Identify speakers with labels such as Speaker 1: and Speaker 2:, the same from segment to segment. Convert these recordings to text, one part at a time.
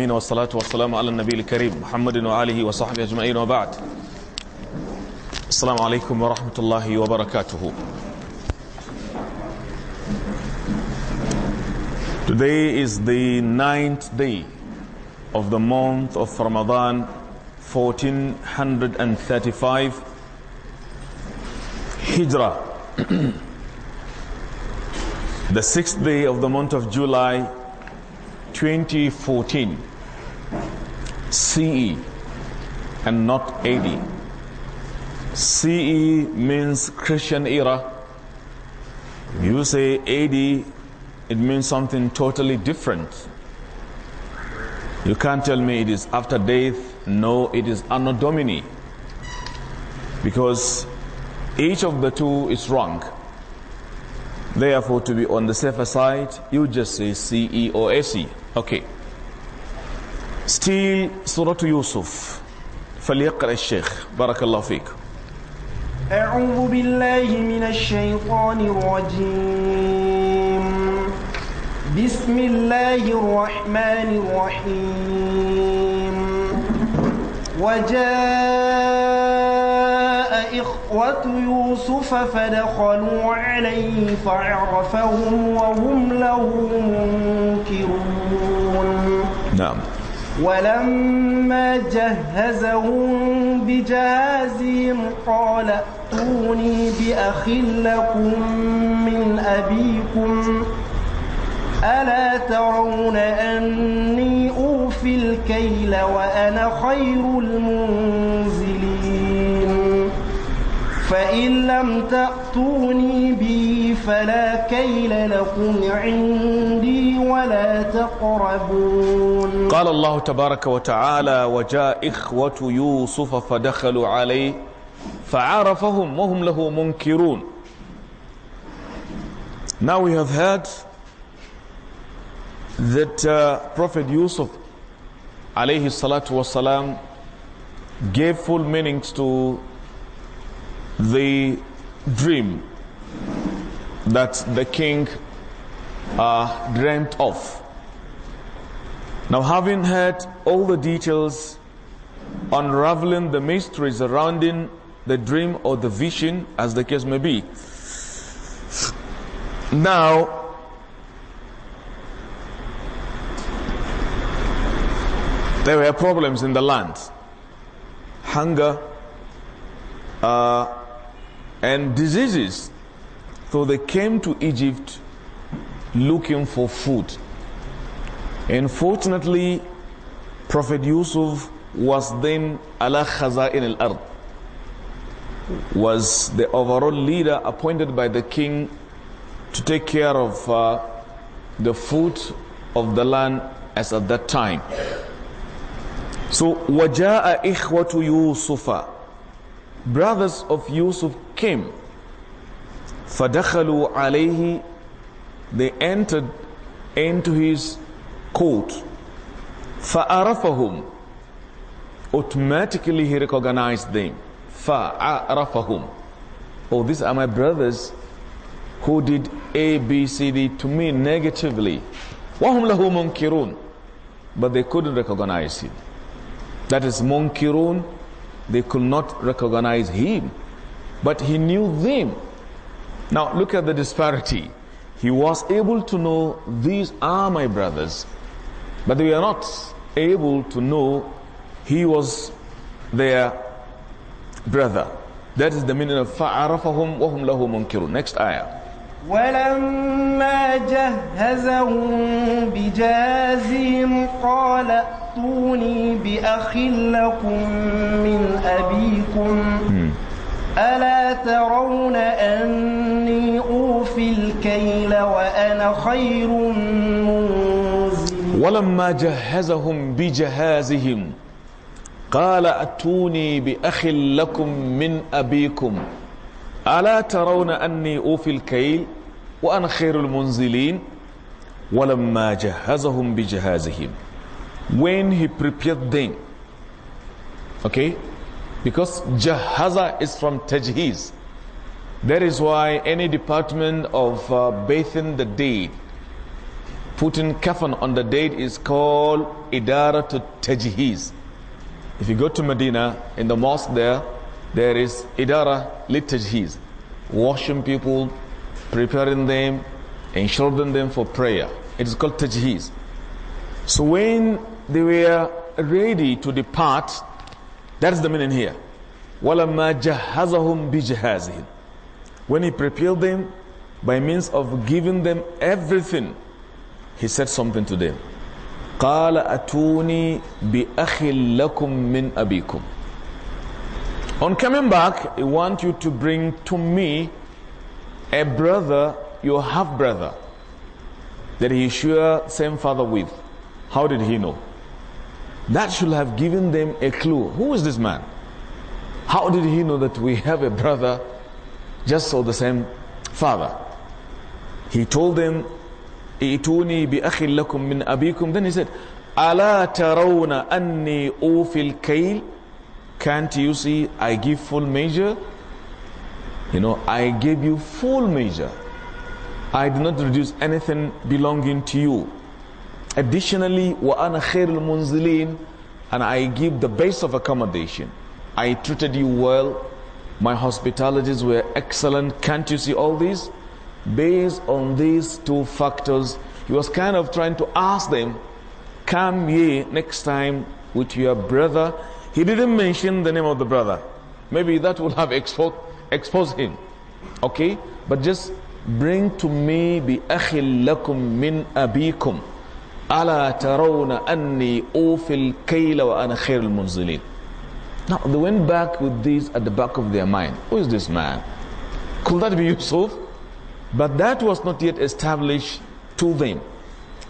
Speaker 1: العالمين والصلاة والسلام على النبي الكريم محمد وآله وصحبه أجمعين وبعد السلام عليكم ورحمة الله وبركاته Today is the ninth day of the month of Ramadan 1435 Hijrah the sixth day of the month of July 2014 CE and not AD. CE means Christian era. You say AD, it means something totally different. You can't tell me it is after death. No, it is Anno Domini. Because each of the two is wrong. Therefore, to be on the safer side, you just say CE or SE. Okay. ستيل سورة يوسف فليقرأ الشيخ بارك الله فيك
Speaker 2: أعوذ بالله من الشيطان الرجيم بسم الله الرحمن الرحيم وجاء إخوة يوسف فدخلوا عليه فعرفهم وهم له منكرون نعم ولما جهزهم بجهازهم قال ائتوني بأخ لكم من أبيكم ألا ترون أني أوفي الكيل وأنا خير المنزلين فإن لم تأتوني بي فلا كيل لكم عندي ولا تقربون
Speaker 1: قال الله تبارك وتعالى وجاء إخوة يوسف فدخلوا عليه فعرفهم وهم له منكرون Now we have heard that uh, Prophet Yusuf alayhi salatu wasalam gave full meanings to the dream that the king uh, dreamt of. Now, having heard all the details unraveling the mystery surrounding the dream or the vision, as the case may be, now there were problems in the land hunger, uh, and diseases. So they came to Egypt looking for food. Unfortunately, Prophet Yusuf was then Allah Khaza'in al Ard, was the overall leader appointed by the king to take care of uh, the food of the land as at that time. So, wajaa ikhwatu Yusufa brothers of Yusuf came. فَدَخَلُوا عَلَيْهِ They entered into his court. Fa'arafahum, Automatically he recognized them. Fa'arafahum, Oh, these are my brothers who did A, B, C, D to me negatively. وَهُمْ لَهُ مُنْكِرُونَ But they couldn't recognize him. That is munkirun they could not recognize him, but he knew them. Now look at the disparity. He was able to know these are my brothers, but they were not able to know he was their brother. That is the meaning of فَعَرَفَهُمْ وَهُمْ لَهُ مُنْكِرُونَ Next ayah.
Speaker 2: ولما جهزهم بجازهم قال ائتوني بأخ لكم من أبيكم ألا ترون أني أوفي الكيل وأنا خير
Speaker 1: منزل ولما جهزهم بجهازهم قال أتوني بأخ لكم من أبيكم ألا ترون أني أوفي الكيل وأنا خير المنزلين ولما جهزهم بجهازهم when he prepared them okay because jahaza is from tajhiz that is why any department of uh, bathing the dead putting kafan on the dead is called idara to tajhiz if you go to medina in the mosque there there is idara litajhiz, washing people, preparing them, ensuring them for prayer. It is called tajhiz. So when they were ready to depart, that's the meaning here. وَلَمَّا bi بِجِهَازِهِمْ When he prepared them by means of giving them everything, he said something to them. قال أتوني بأخ لكم من أبيكم on coming back, I want you to bring to me a brother, your half brother, that he share same father with. How did he know? That should have given them a clue. Who is this man? How did he know that we have a brother just so the same father? He told them, "Ituni bi lakum min abikum." Then he said, "Ala tarawna anni ufil kail can't you see I give full measure? You know, I gave you full measure. I did not reduce anything belonging to you. Additionally, wa ana khairul munzilin, and I give the best of accommodation. I treated you well. My hospitalities were excellent. Can't you see all this? Based on these two factors, he was kind of trying to ask them, Come ye next time with your brother he didn't mention the name of the brother. Maybe that would have exposed, exposed him. Okay? But just bring to me bi lakum min abikum. Ala tarawna anni ufil kayla wa ana khairul munzilin. Now they went back with this at the back of their mind. Who is this man? Could that be Yusuf? But that was not yet established to them.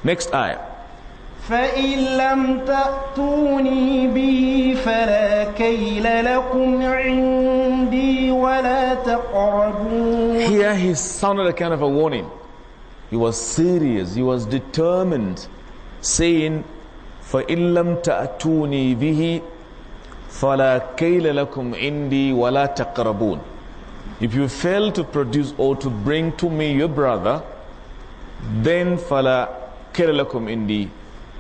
Speaker 1: Next ayah.
Speaker 2: فإن لم تأتوني به فلا كيل لكم عندي ولا تقربون Here
Speaker 1: he sounded a kind of a warning. He was serious, he was determined, saying, فإن لم تأتوني به فلا كيل لكم عندي ولا تقربون. If you fail to produce or to bring to me your brother, then فلا كيل لكم عندي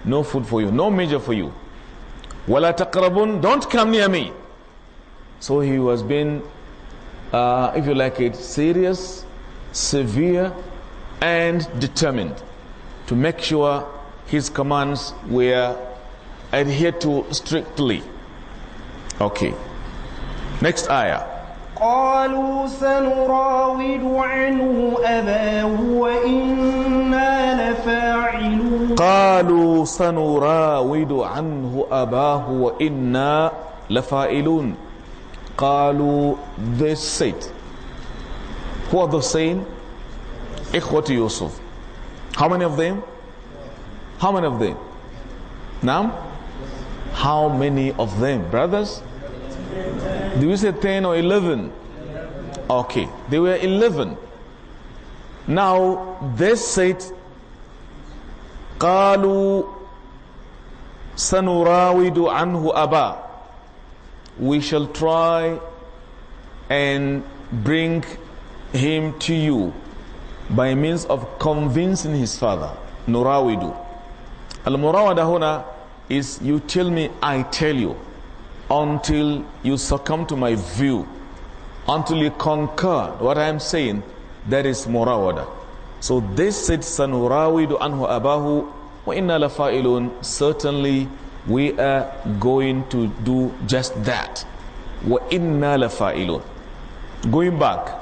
Speaker 1: No food for you, no measure for you. Wala taqrabun, don't come near me. So he was being, uh, if you like it, serious, severe, and determined to make sure his commands were adhered to strictly. Okay. Next ayah.
Speaker 2: قالوا سنراود عنه أباه وإنا لفاعلون
Speaker 1: قالوا سنراود عنه أباه وإنا لفاعلون قالوا they said who are the saying إخوة يوسف how many of them how many of them نعم how many of them brothers Do we say 10 or 11? Okay, they were 11. Now they said, قالوا سنراود عنه أبا We shall try and bring him to you by means of convincing his father. نراود. Al-murawada is you tell me, I tell you until you succumb to my view, until you concur what I am saying, that is murawada. So they said, Sanurawidu anhu abahu wa inna lafa'ilun. Certainly we are going to do just that. Wa inna lafa'ilun. Going back,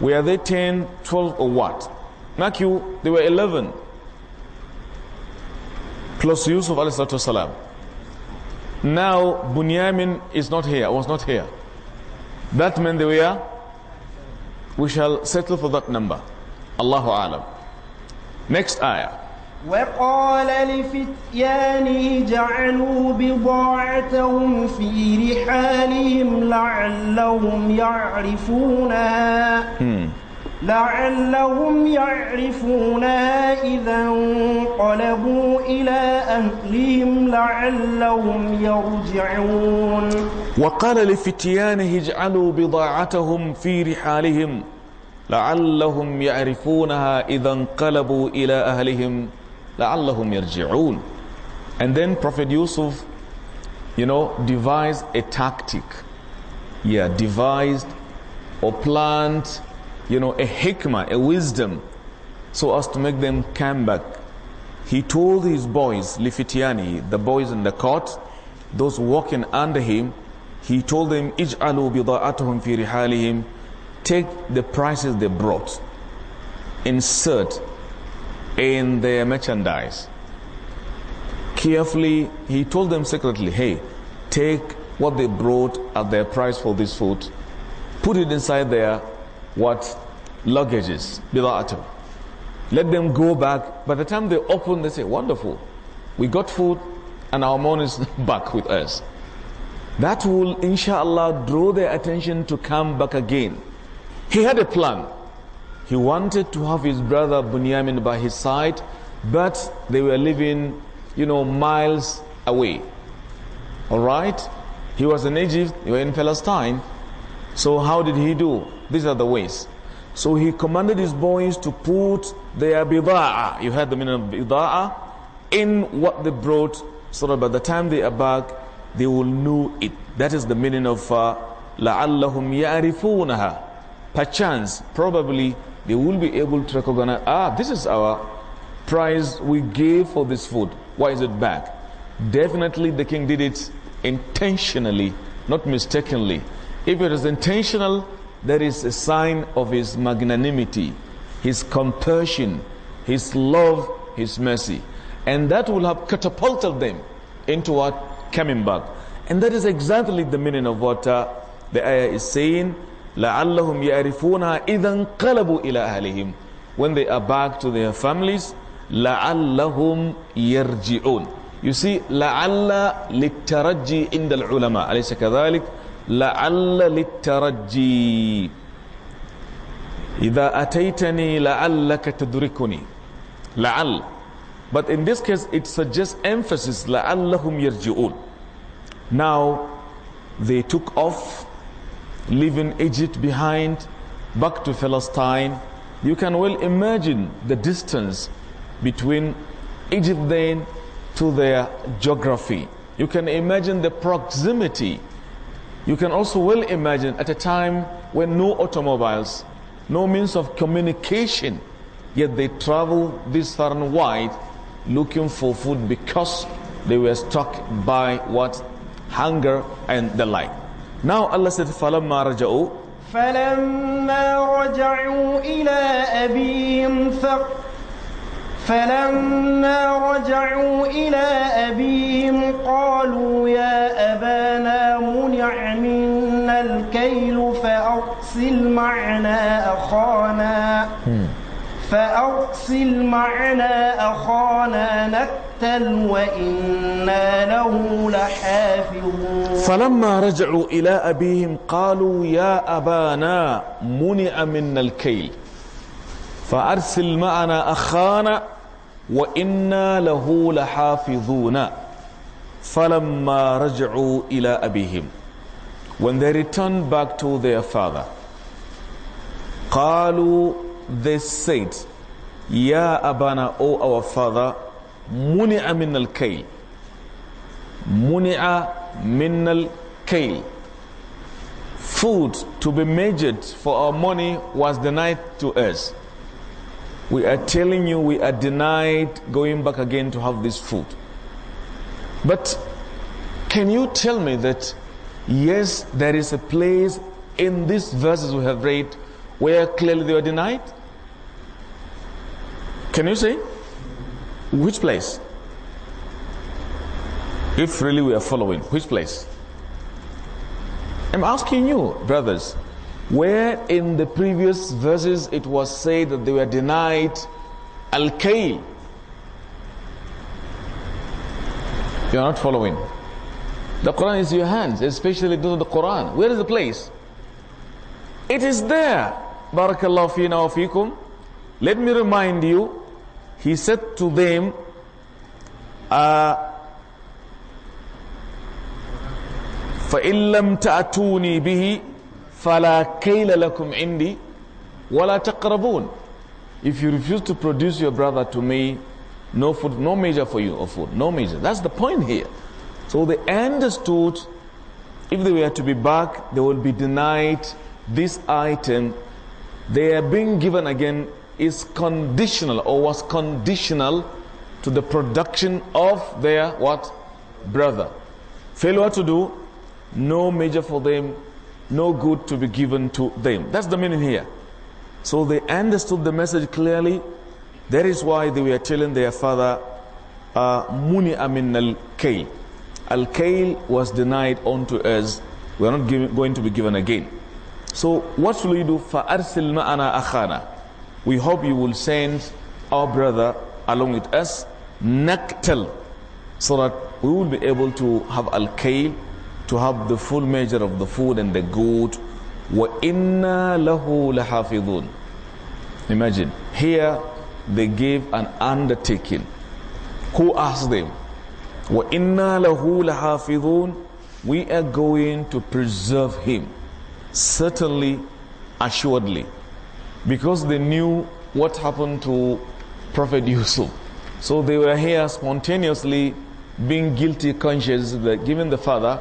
Speaker 1: were they 10, 12 or what? Mark you, they were 11. Plus Yusuf alayhi salatu now Bunyamin is not here, was not here. That meant they were. We shall settle for that number. Allahu Alam. Next ayah.
Speaker 2: وقال لفتيانه جعلوا بضاعتهم في رحالهم لعلهم يعرفونها hmm. لعلهم يعرفونها إذا انقلبوا إلى أهلهم لعلهم يرجعون
Speaker 1: وقال لفتيانه اجعلوا بضاعتهم في رحالهم لعلهم يعرفونها إذا انقلبوا إلى أهلهم لعلهم يرجعون And then Prophet Yusuf, you know, devised a tactic. Yeah, devised or planned you know, a hikmah, a wisdom, so as to make them come back. He told his boys, Lifitiani, the boys in the court, those walking under him, he told them, Ij'alu bida'atuhum fi rihalihim, take the prices they brought, insert in their merchandise. Carefully, he told them secretly, hey, take what they brought at their price for this food, put it inside their what? Luggages, bid'atu. Let them go back. By the time they open, they say, wonderful. We got food and our money is back with us. That will, inshallah, draw their attention to come back again. He had a plan. He wanted to have his brother Bunyamin by his side, but they were living, you know, miles away. All right? He was in Egypt, he were in Palestine. So, how did he do? These are the ways. So he commanded his boys to put their bida'ah, you heard the meaning of bida'ah, in what they brought, so that by the time they are back, they will know it. That is the meaning of uh, لَعَلَّهُمْ يَعْرِفُونَهَا Perchance, probably, they will be able to recognize, ah, this is our price we gave for this food. Why is it back? Definitely the king did it intentionally, not mistakenly. If it is intentional, there is a sign of His magnanimity, His compassion, His love, His mercy. And that will have catapulted them into what? Coming back. And that is exactly the meaning of what uh, the ayah is saying. لَعَلَّهُمْ يَعْرِفُونَ إِذَا انْقَلَبُوا إِلَىٰ أَهْلِهِمْ When they are back to their families, لَعَلَّهُمْ يَرْجِعُونَ You see, لَعَلَّ لِلتَّرَجِّ عِنْدَ الْعُلَمَاءِ أليس كذلك؟ لعل للترجي إذا أتيتني لعلك تدركني لعل But in this case, it suggests emphasis, لَعَلَّهُمْ يَرْجِعُونَ Now, they took off, leaving Egypt behind, back to Palestine. You can well imagine the distance between Egypt then to their geography. You can imagine the proximity you can also well imagine at a time when no automobiles, no means of communication, yet they travel this far and wide looking for food because they were struck by what? Hunger and the like. Now Allah said, فَلَمَّا رَجَعُوا
Speaker 2: فَلَمَّا رَجَعُوا إِلَىٰ أَبِيهِمْ ثَقْ فلما رجعوا إلى أبيهم قالوا يا أبانا منع الكيل فأرسل معنا أخانا فأرسل معنا أخانا نكتل وإنا له لحافظون
Speaker 1: فلما رجعوا إلى أبيهم قالوا يا أبانا منع منا الكيل فأرسل معنا أخانا وإنا له لحافظون فلما رجعوا إلى أبيهم When they returned back to their father, قالوا, they said, Ya Abana, O our father, Muni'a min al kail. Muni'a min al kail. Food to be measured for our money was denied to us. We are telling you we are denied going back again to have this food. But can you tell me that Yes, there is a place in these verses we have read where clearly they were denied. Can you see Which place? If really we are following, which place? I'm asking you, brothers, where in the previous verses it was said that they were denied Al kay You are not following. The Quran is your hands, especially those of the Quran. Where is the place? It is there. Barakallahu fina wa fikum. Let me remind you, he said to them, uh, فإن لم تأتوني به فلا كيل لكم عندي ولا تقربون If you refuse to produce your brother to me, no food, no measure for you of food, no measure. That's the point here. So they understood if they were to be back, they would be denied this item. They are being given again is conditional or was conditional to the production of their what? Brother. Failure to do, no measure for them, no good to be given to them. That's the meaning here. So they understood the message clearly. That is why they were telling their father, uh, Muni Amin al Kayl. Al-Kail was denied unto us. We are not give, going to be given again. So what will you do? فَأَرْسِلْ مَعَنَا أَخَانَا We hope you will send our brother along with us, Naktal, so that we will be able to have Al-Kail, to have the full measure of the food and the good. وَإِنَّا لَهُ لَحَافِظُونَ Imagine, here they gave an undertaking. Who asked them? We are going to preserve him. Certainly, assuredly. Because they knew what happened to Prophet Yusuf. So they were here spontaneously being guilty conscious, giving the father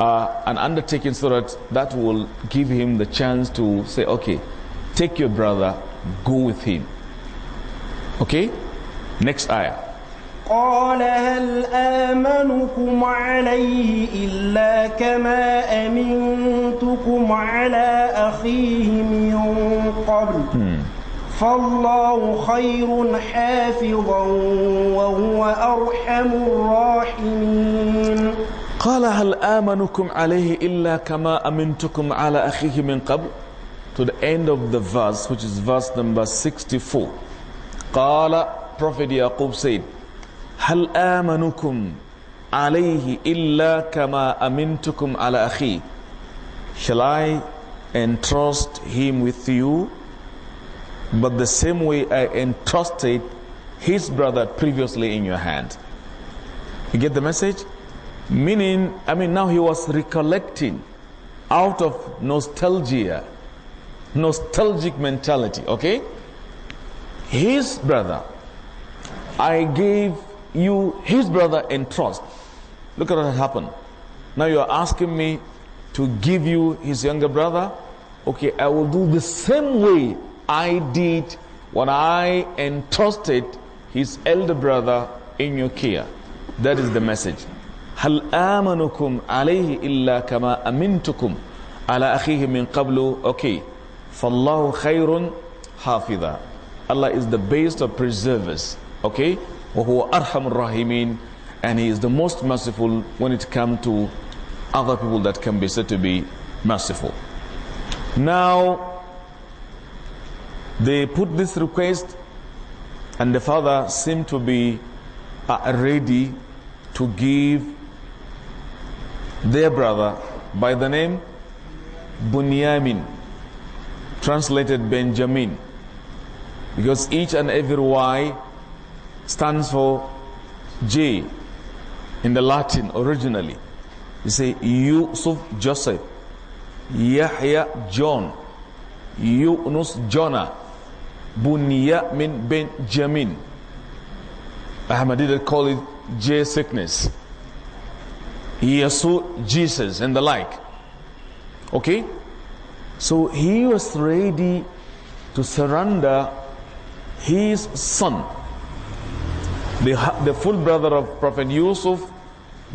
Speaker 1: uh, an undertaking so that that will give him the chance to say, okay, take your brother, go with him. Okay? Next ayah.
Speaker 2: قال هل آمنكم عليه إلا كما أمنتكم على أخيه من قبل فالله خير حافظا وهو أرحم الراحمين
Speaker 1: قال هل آمنكم عليه إلا كما أمنتكم على أخيه من قبل to the end of the verse which is verse number 64 قال Prophet Yaqub said هل آمنكم عليه إلا كما أمنتكم على أخيه Shall I entrust him with you? But the same way I entrusted his brother previously in your hand. You get the message? Meaning, I mean, now he was recollecting out of nostalgia, nostalgic mentality, okay? His brother, I gave you, his brother, in trust. Look at what has happened. Now you are asking me to give you his younger brother. Okay, I will do the same way I did when I entrusted his elder brother in your care. That is the message. هل آمنكم عليه إلا كما أمنتكم على أخيه من قبل okay فالله خير حافظا Allah is the best of preservers okay وَهُوَ أَرْحَمُ الرَّحِيمِينَ And He is the most merciful when it comes to other people that can be said to be merciful. Now, they put this request and the father seemed to be uh, ready to give their brother by the name Bunyamin, translated Benjamin, because each and every why stands for J in the Latin originally. You say Yusuf Joseph, Yahya John, Yunus Jonah, min Benjamin. Ahmad did call it J sickness. Yesu Jesus and the like. Okay? So he was ready to surrender his son the, the full brother of Prophet Yusuf,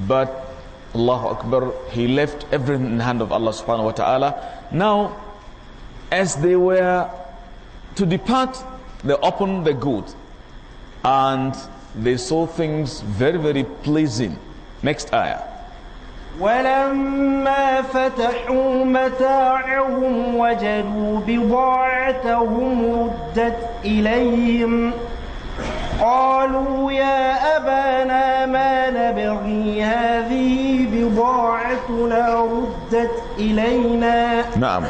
Speaker 1: but Allahu Akbar, he left everything in the hand of Allah subhanahu wa ta'ala. Now, as they were to depart, they opened the good and they saw things very, very pleasing. Next ayah.
Speaker 2: ولما فتحوا متاعهم وجدوا بضاعتهم ردت إليهم قالوا يا أبانا ما نبغي هذه بضاعتنا ردت إلينا نعم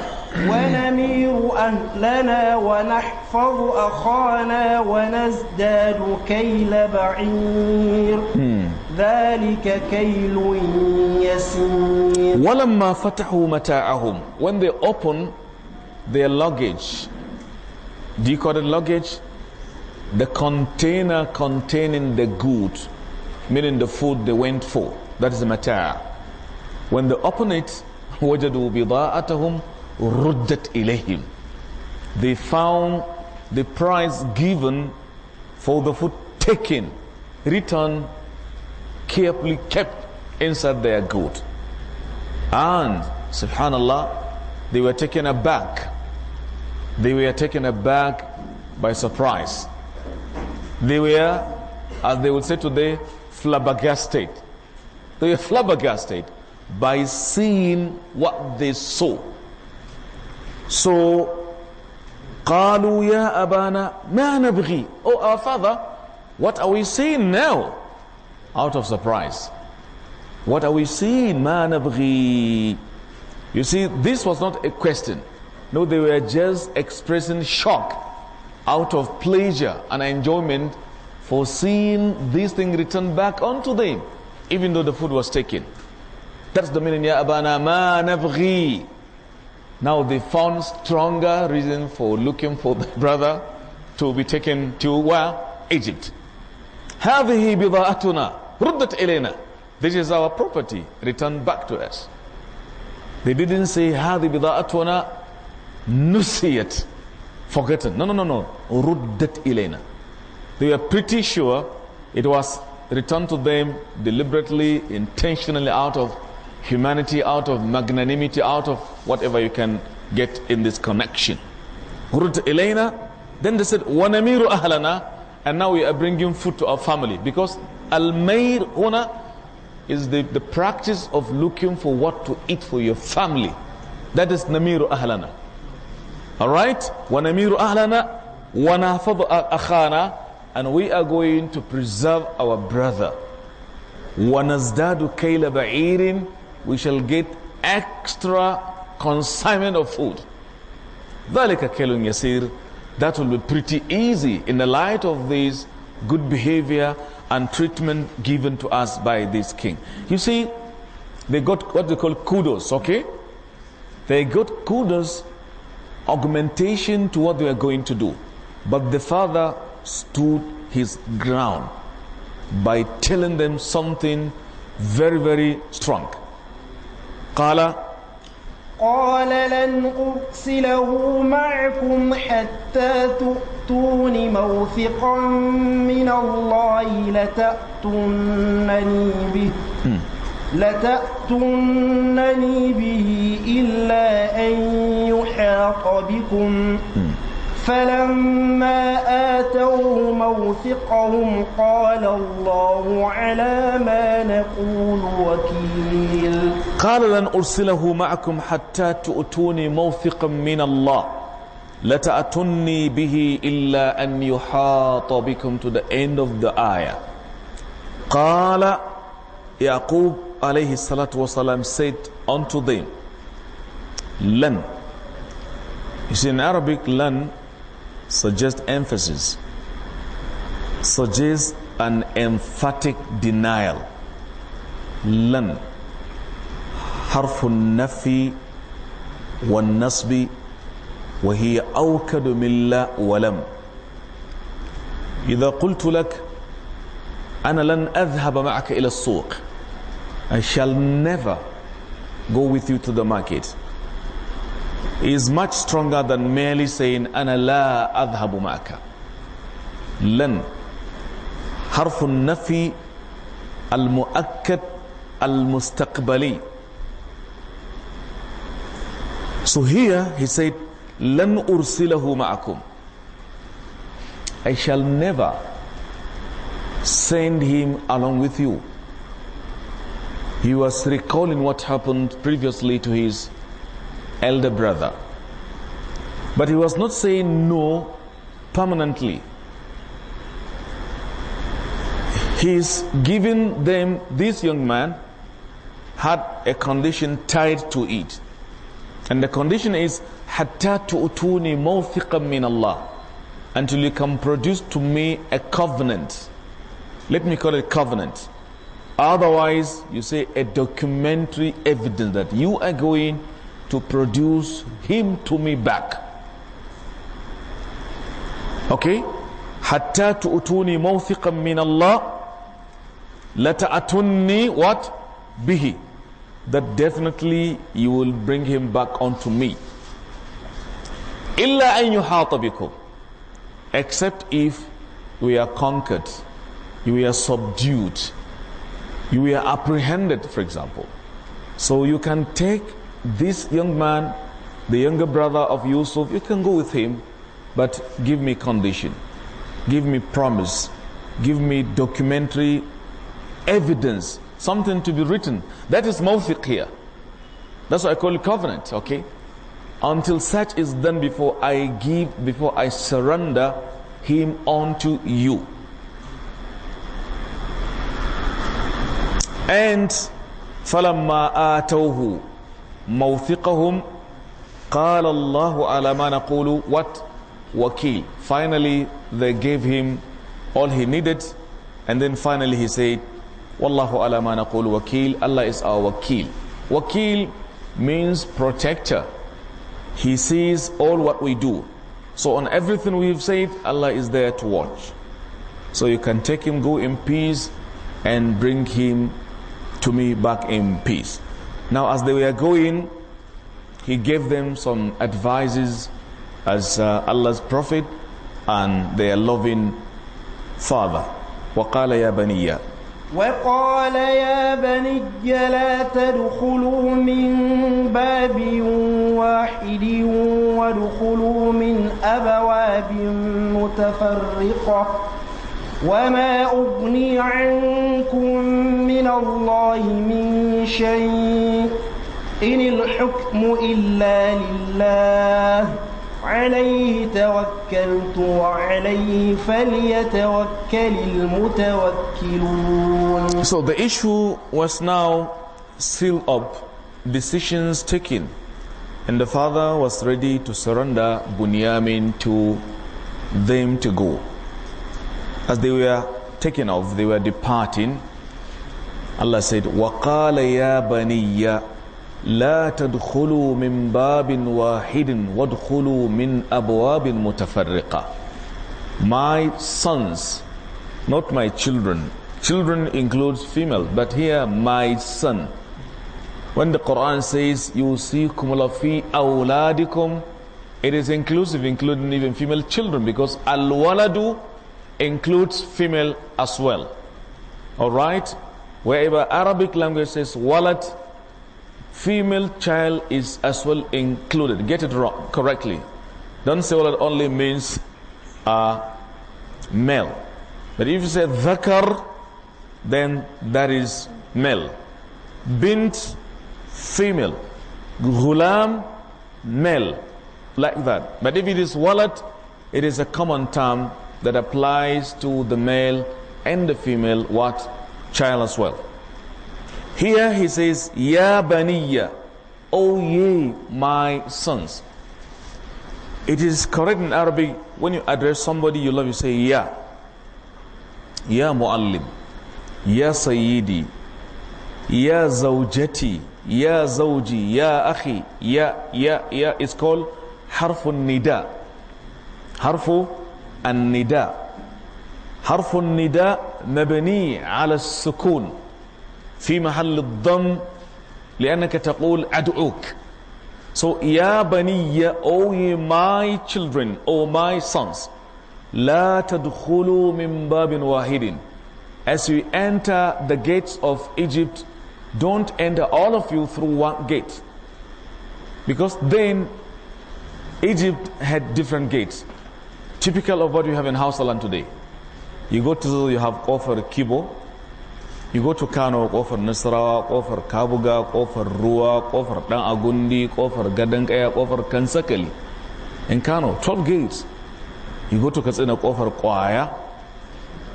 Speaker 2: ونمير أهلنا ونحفظ أخانا ونزداد كيل بعير ذلك كيل يسير
Speaker 1: ولما فتحوا متاعهم when they open their luggage decoded luggage the container containing the goods, meaning the food they went for. That is the matter. When they open it, وَجَدُوا بِضَاءَتَهُمْ رُدَّتْ إِلَيْهِمْ They found the price given for the food taken, returned, carefully kept inside their good. And, subhanallah, they were taken aback. They were taken aback by surprise. They were, as they would say today, flabbergasted. They were flabbergasted by seeing what they saw. So, قالوا يا أبانا ما نبغي Oh our father, what are we seeing now? Out of surprise. What are we seeing? ما نبغي You see, this was not a question. No, they were just expressing shock out of pleasure and enjoyment, for seeing these things returned back unto them, even though the food was taken. That's the meaning, Ya Abana Ma nabghi. Now they found stronger reason for looking for the brother to be taken to where? Egypt. هذه بضاعتنا ردت إلينا This is our property returned back to us. They didn't say هذه بضاعتنا نسيت forgotten. No, no, no, no. that Elena. They were pretty sure it was returned to them deliberately, intentionally, out of humanity, out of magnanimity, out of whatever you can get in this connection. Ruddat Elena. Then they said, وَنَمِيرُ أَهْلَنَا And now we are bringing food to our family. Because al-mayruna is the, the practice of looking for what to eat for your family. That is namiru ahlana. All right? وَنَمِيرُ أَهْلَنَا وَنَحْفَظُ أَخَانَا And we are going to preserve our brother. وَنَزْدَادُ كَيْلَ بَعِيرٍ We shall get extra consignment of food. ذَلِكَ كَيْلٌ يَسِيرٌ That will be pretty easy in the light of this good behavior and treatment given to us by this king. You see, they got what they call kudos, okay? They got kudos augmentation to what they were going to do. But the father stood his ground by telling them something very, very strong. قال
Speaker 2: قال لن أرسله معكم حتى تؤتون موثقا من الله لتأتونني به hmm. لتأتونني به إلا أن يحاط بكم فلما آتوه موثقهم قال الله على ما نقول
Speaker 1: وكيل قال لن أرسله معكم حتى تؤتوني موثقا من الله لتأتني به إلا أن يحاط بكم to the end of the ayah قال يعقوب alayhi salatu wasalam said unto them, Lan. You see, in Arabic, Lan suggests emphasis, suggests an emphatic denial. Lan. حرف النفي والنصب وهي أوكد من walam ولم إذا قلت لك أنا لن أذهب معك إلى السوق I shall never go with you to the market is much stronger than merely saying أنا Lān harf معك nafi al-mu'akkad al-mustakbali. So here he said "Lān ursilahu ma'akum." I shall never send him along with you he was recalling what happened previously to his elder brother. But he was not saying no permanently. He's giving them, this young man had a condition tied to it. And the condition is, Until you can produce to me a covenant. Let me call it covenant. Otherwise, you say a documentary evidence that you are going to produce him to me back. Okay? حتى تؤتوني موثقا من الله لتأتوني what? به that definitely you will bring him back onto me إلا أن يحاط except if we are conquered we are subdued you were apprehended, for example. So you can take this young man, the younger brother of Yusuf, you can go with him, but give me condition, give me promise, give me documentary evidence, something to be written. That is mawfiq here. That's why I call it covenant, okay? Until such is done before I give, before I surrender him unto you. And فَلَمَّا آتَوْهُ مَوْثِقَهُمْ قَالَ اللَّهُ عَلَى مَا نَقُولُ What? Wakil. Finally, they gave him all he needed. And then finally he said, Wallahu ala ma naqul wakil. Allah is our wakil. Wakil means protector. He sees all what we do. So on everything we've said, Allah is there to watch. So you can take him, go in peace and bring him to me back in peace. Now, as they were going, he gave them some advices as uh, Allah's prophet and their loving father. وقال يا بني
Speaker 2: وقال يا بني لا تدخلوا من باب واحد وادخلوا من أبواب متفرقة وما أغني عنكم من الله من شيء إن الحكم إلا لله عليه توكلت وعليه فليتوكل
Speaker 1: المتوكلون So the issue was now sealed up, decisions taken. And the father was ready to surrender Bunyamin to them to go as they were taken off, they were departing, Allah said, وَقَالَ يَا بَنِيَّ لا تدخلوا من باب واحد وادخلوا من أبواب متفرقة My sons, not my children. Children includes female, but here my son. When the Quran says, يُوسِيكُمُ لَفِي أَوْلَادِكُمْ It is inclusive, including even female children, because al-waladu includes female as well. All right? Wherever Arabic language says walat, female child is as well included. Get it wrong, correctly. Don't say walat only means uh, male. But if you say dhakar, then that is male. Bint, female. Ghulam, male. Like that. But if it is walat, it is a common term that applies to the male and the female what child as well. Here he says, Ya Baniya, O ye my sons. It is correct in Arabic when you address somebody you love, you say Ya. Ya Muallim, Ya Sayyidi, Ya Zawjati, Ya Zawji, Ya Akhi, Ya, Ya, Ya. It's called Harfun Nida. Harfu النداء حرف النداء مبني على السكون في محل الضم لأنك تقول أدعوك So يا بني O ye my children O my sons لا تدخلوا من باب واحد As you enter the gates of Egypt don't enter all of you through one gate because then Egypt had different gates typical of what you have in Hausaland today. You go to, you have offer Kibo, you go to Kano, offer Nasarawa, offer Kabuga, offer Ruwa, offer Dan Agundi, offer Gadankaya, offer Kansakali. In Kano, 12 gates. You go to Katsina, offer Kwaya,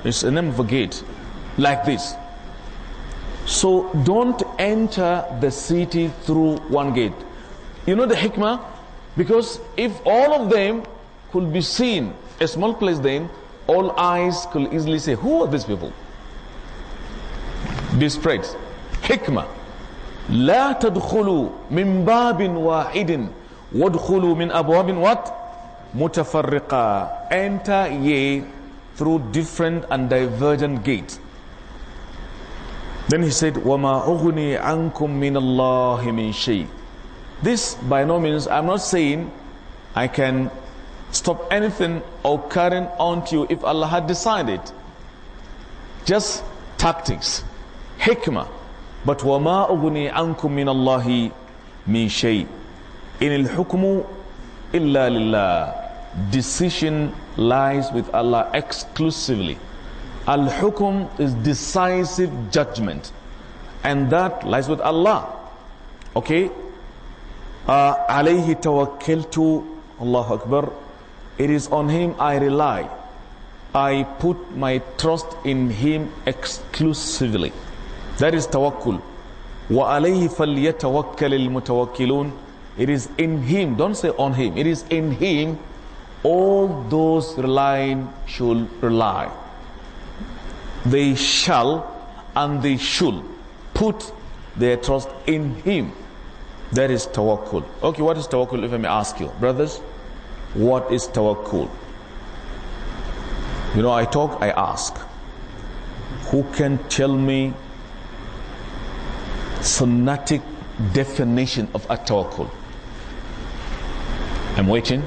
Speaker 1: it's a name of a gate, like this. So don't enter the city through one gate. You know the hikmah? Because if all of them could be seen. A small place then, all eyes could easily say, Who are these people? This spread. Hikmah. لا تدخلوا من باب واحد وادخلوا من أبواب what? متفرقة. Enter ye through different and divergent gates. Then he said, وَمَا أُغْنِي عَنْكُم مِّنَ اللَّهِ مِنْ شَيْءٍ This by no means, I'm not saying I can stop anything occurring unto you if Allah had decided. Just tactics, hikmah. But وَمَا أُغْنِي عَنْكُم مِّنَ اللَّهِ مِنْ شَيْءٍ إِنِ الْحُكْمُ إِلَّا لِلَّهِ Decision lies with Allah exclusively. Al-Hukum is decisive judgment. And that lies with Allah. Okay? عليه توكلت الله akbar. It is on Him I rely. I put my trust in Him exclusively. That is tawakkul. وَعَلَيْهِ فَلْيَتَوَكَّلِ الْمُتَوَكِّلُونَ It is in Him, don't say on Him. It is in Him all those relying should rely. They shall and they should put their trust in Him. That is tawakkul. Okay, what is tawakkul if I may ask you? Brothers? What is tawakkul? You know, I talk, I ask. Who can tell me sonatic definition of at tawakkul? I'm waiting.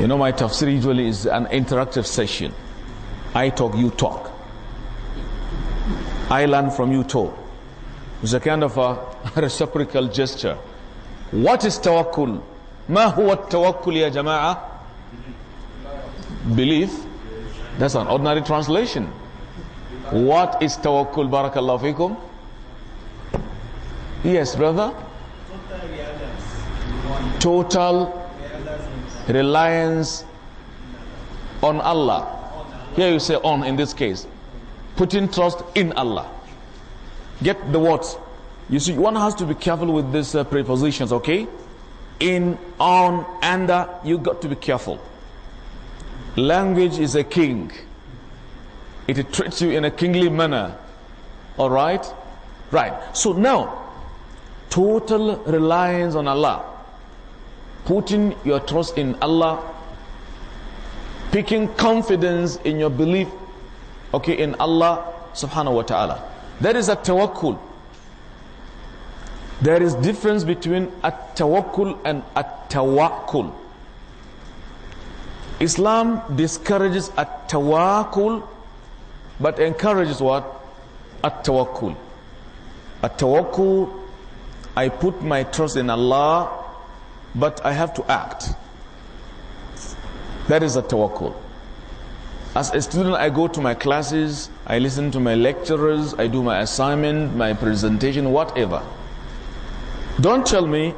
Speaker 1: You know, my tafsir usually is an interactive session. I talk, you talk. I learn from you too. It's a kind of a reciprocal gesture. What is tawakkul? Ma huwa tawakkul ya Belief. That's an ordinary translation. What is tawakkul? Barakallahu fikum. Yes, brother. Total reliance on Allah. Here you say on in this case. Putting trust in Allah. Get the words. You see, one has to be careful with these uh, prepositions, okay? in, on, under, you got to be careful. Language is a king. It treats you in a kingly manner. All right? Right. So now, total reliance on Allah. Putting your trust in Allah. Picking confidence in your belief, okay, in Allah subhanahu wa ta'ala. That is a tawakkul. There is difference between at-tawakkul and at-tawakkul. Islam discourages at-tawakkul but encourages what? At-tawakkul. At-tawakkul, I put my trust in Allah but I have to act. That is at-tawakkul. As a student, I go to my classes, I listen to my lecturers, I do my assignment, my presentation, whatever. Don't tell me,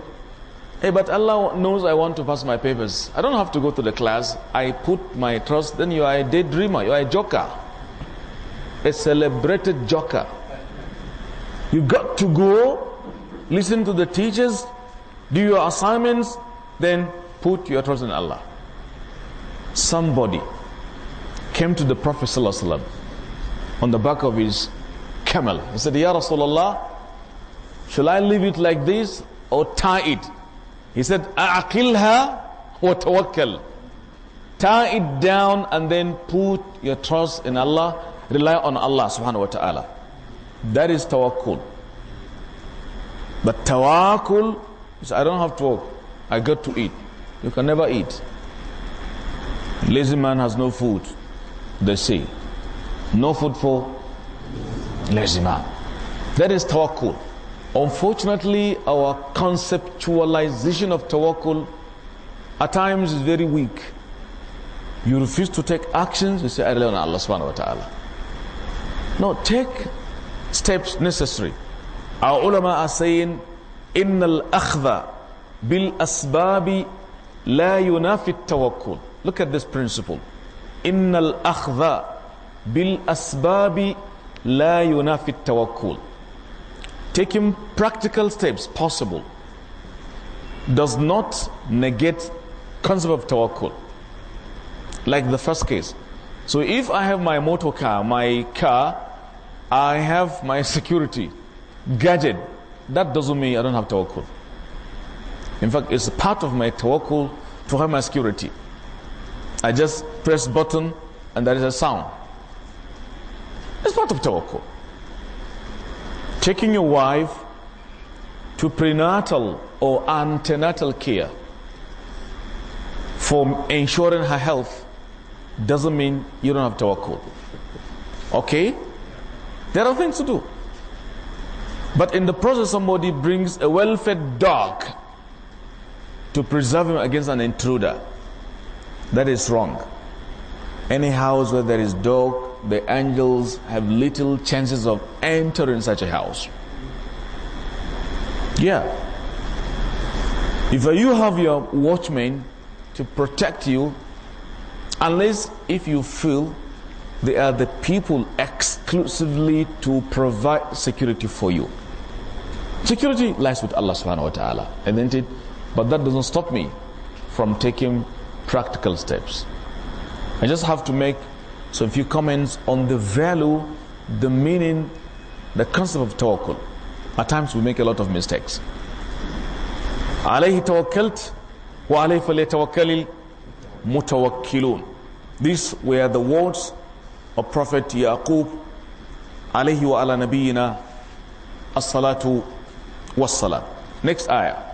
Speaker 1: hey, but Allah knows I want to pass my papers. I don't have to go to the class. I put my trust, then you are a daydreamer, you are a joker, a celebrated joker. You got to go, listen to the teachers, do your assignments, then put your trust in Allah. Somebody came to the Prophet ﷺ on the back of his camel. He said, Ya Rasulullah, Shall I leave it like this or tie it? He said, Aqilha wa tawakkal. Tie it down and then put your trust in Allah. Rely on Allah subhanahu wa ta'ala. That is tawakkul. But tawakkul is I don't have to work. I got to eat. You can never eat. Lazy man has no food, they say. No food for lazy man. That is tawakkul. Unfortunately, our conceptualization of tawakkul at times is very weak. You refuse to take actions, you say, I rely on Allah subhanahu wa ta'ala. No, take steps necessary. Our ulama are saying, إن bil-Asbabi la yunafit tawakkul." Look at this principle. إن bil-Asbabi la yunafit tawakkul." taking practical steps possible does not negate concept of tawakkul like the first case so if i have my motor car my car i have my security gadget that doesn't mean i don't have tawakkul in fact it's part of my tawakkul to have my security i just press button and there is a sound it's part of tawakkul taking your wife to prenatal or antenatal care for ensuring her health doesn't mean you don't have to tawakkul. Okay? There are things to do. But in the process, somebody brings a well fed dog to preserve him against an intruder. That is wrong. Any house where there is dog, the angels have little chances of entering such a house. Yeah. If you have your watchmen to protect you, unless if you feel they are the people exclusively to provide security for you. Security lies with Allah subhanahu wa ta'ala, isn't it? But that doesn't stop me from taking practical steps. I just have to make so a few comments on the value, the meaning, the concept of tawakkul. At times we make a lot of mistakes. wa توكلت وعليه فليتوكل mutawakkilun. These were the words of Prophet Yaqub عليه as salatu الصلاة والسلام. Next ayah.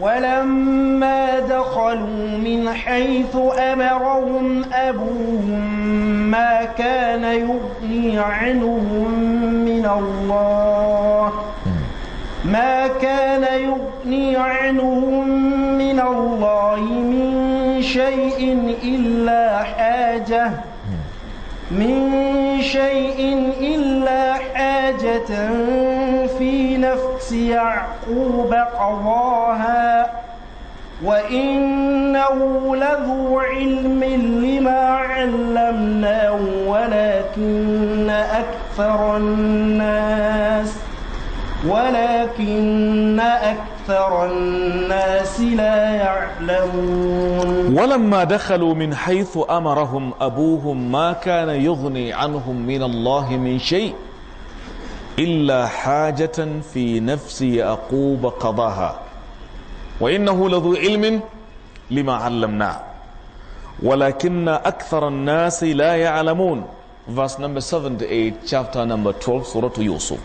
Speaker 2: ولما دخلوا من حيث أمرهم أبوهم ما كان يغني عنهم من الله ما كان يغني عنهم من الله من شيء إلا حاجة من شيء إلا حاجة في نفس يعقوب قضاها وإنه لذو علم لما علمناه ولكن أكثر الناس ولكن أكثر الناس لا يعلمون
Speaker 1: ولما دخلوا من حيث أمرهم أبوهم ما كان يغني عنهم من الله من شيء إلا حاجة في نفسي أقوب قضاها وإنه لذو علم لما علمنا ولكن أكثر الناس لا يعلمون verse number 78 chapter number 12 سورة يوسف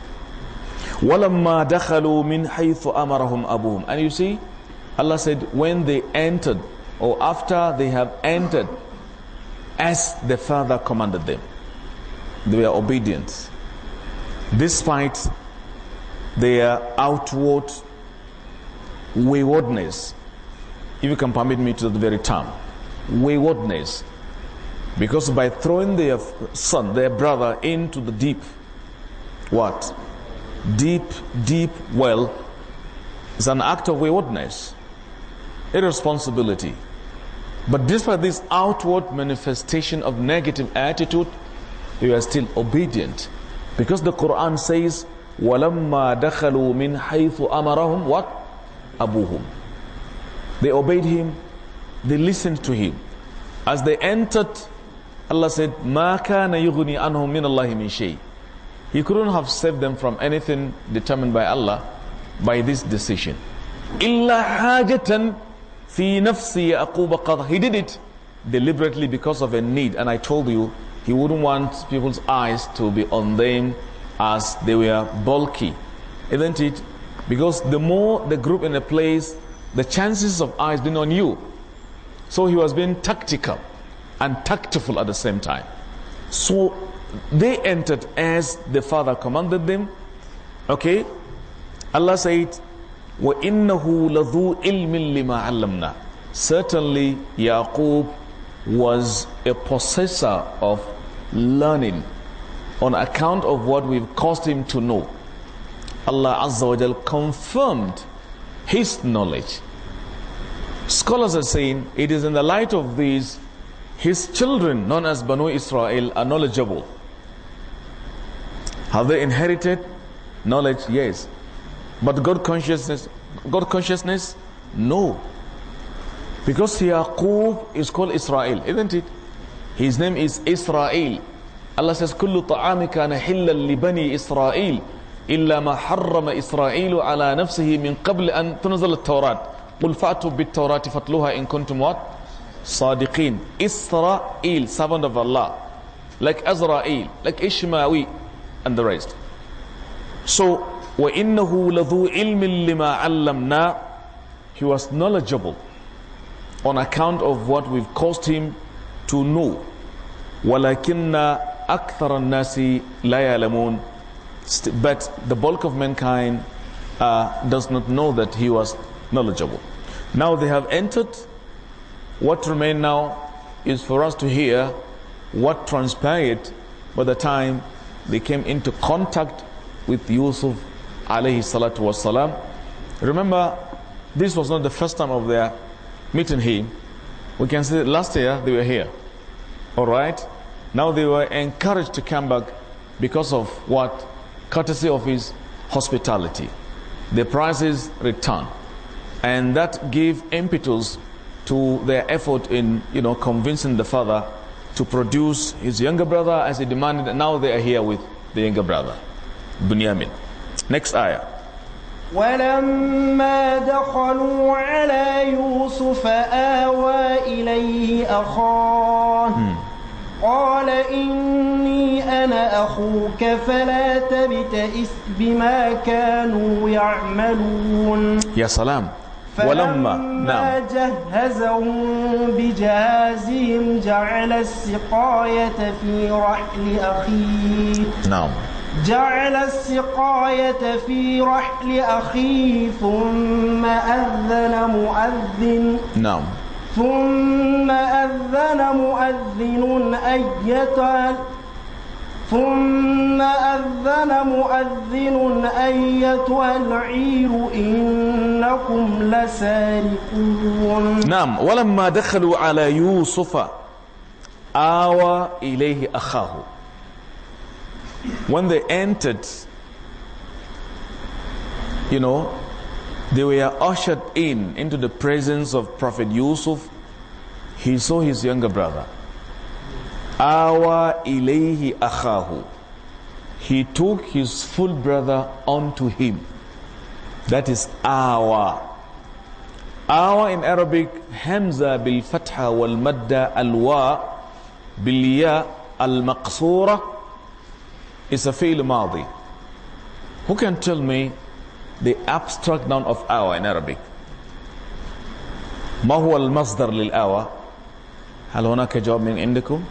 Speaker 1: ولما دخلوا من حيث أمرهم أبوهم and you see Allah said when they entered or after they have entered as the father commanded them they were obedient despite their outward waywardness, if you can permit me to that very term, waywardness. Because by throwing their son, their brother, into the deep, what? Deep, deep well is an act of waywardness, irresponsibility. But despite this outward manifestation of negative attitude, you are still obedient because the Quran says, وَلَمَّا دَخَلُوا مِنْ حَيْثُ أَمَرَهُمْ What? أَبُوهُمْ They obeyed him. They listened to him. As they entered, Allah said, مَا كَانَ يُغْنِي عَنْهُمْ مِنَ اللَّهِ مِنْ شَيْءٍ He couldn't have saved them from anything determined by Allah by this decision. إِلَّا حَاجَةً فِي نَفْسِ أَقُوبَ قَضَى He did it deliberately because of a need. And I told you, he wouldn't want people's eyes to be on them as they were bulky, isn't it? Because the more the group in a place, the chances of eyes being on you. So he was being tactical and tactful at the same time. So they entered as the Father commanded them. Okay? Allah said, وَإِنَّهُ لَذُو إِلْمٍ لِمَا عَلَّمْنَا Certainly, Yaqub was a possessor of learning on account of what we've caused him to know. Allah Azza wa Jal confirmed his knowledge. Scholars are saying it is in the light of these, his children, known as Banu Israel, are knowledgeable. Have they inherited knowledge? Yes. But God consciousness, God consciousness? No. Because Yaqub is called Israel, isn't it? His name is Israel. Allah says, كل طعام كان حلا لبني إسرائيل إلا ما حرم إسرائيل على نفسه من قبل أن تنزل التوراة قل فأتوا بالتوراة فاتلوها إن كنتم what? صادقين إسرائيل servant of Allah like Azrael like Ishmael and the rest so وإنه لذو علم لما علمنا he was knowledgeable on account of what we've caused him to know. وَلَكِنَّ أَكْثَرَ النَّاسِ لَا But the bulk of mankind uh, does not know that he was knowledgeable. Now they have entered. What remains now is for us to hear what transpired by the time they came into contact with Yusuf alayhi salatu wasalam. Remember, this was not the first time of their meeting him, we can see that last year they were here. All right? Now they were encouraged to come back because of what? Courtesy of his hospitality. The prices return. And that gave impetus to their effort in, you know, convincing the father to produce his younger brother as he demanded. And now they are here with the younger brother, Bunyamin. Next ayah.
Speaker 2: ولما دخلوا على يوسف آوى إليه أخاه قال إني أنا أخوك فلا تبتئس بما كانوا يعملون
Speaker 1: يا سلام ولما نعم
Speaker 2: جهزهم بجهازهم جعل السقاية في رحل أخيه نعم جعل السقاية في رحل أخيه ثم أذن مؤذن نعم ثم أذن مؤذن أيتها ثم أذن مؤذن أيتها العير إنكم لسارقون
Speaker 1: نعم ولما دخلوا على يوسف آوى إليه أخاه when they entered, you know, they were ushered in into the presence of Prophet Yusuf. He saw his younger brother. Awa ilayhi akhahu. He took his full brother unto him. That is awa. Awa in Arabic, Hamza bil fatha wal madda al bil ya al maqsura is a fi'l madi. Who can tell me the abstract noun of awa in Arabic? ما هو المصدر للآوى هل هناك جواب من عندكم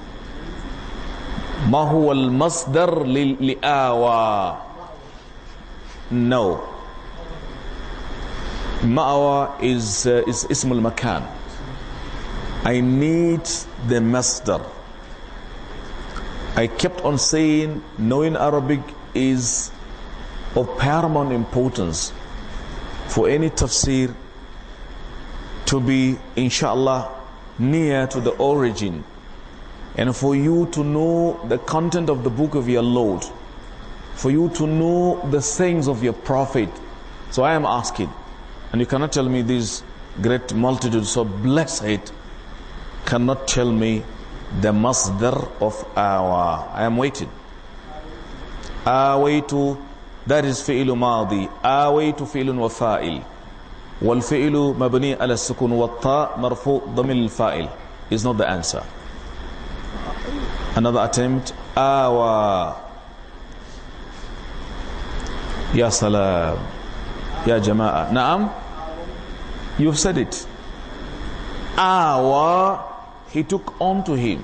Speaker 1: ما هو المصدر للآوى no مأوى is, uh, is اسم المكان I need the مصدر I kept on saying knowing Arabic is of paramount importance for any tafsir to be inshallah near to the origin and for you to know the content of the book of your Lord for you to know the sayings of your prophet so I am asking and you cannot tell me these great multitudes so blessed cannot tell me the masdar of awa. I am waiting. Awaitu, that is fi'il madi. Awaitu fi'ilun wa fa'il. fi'ilu والفعل ala sukun السكون والطاء مرفوع ضمن fa'il. is not the answer another attempt awa Ya سلام Ya jama'a. Naam. you've said it awa he took on to him.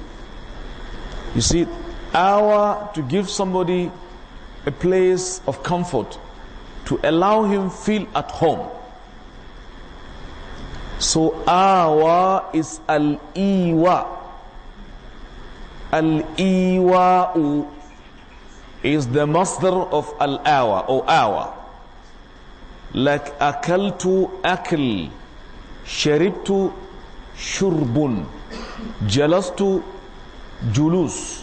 Speaker 1: You see, our to give somebody a place of comfort, to allow him feel at home. So awa is al iwa. Al iwa is the master of al awa or awa. Like akaltu akl, sharibtu shurbun. جلست جلوس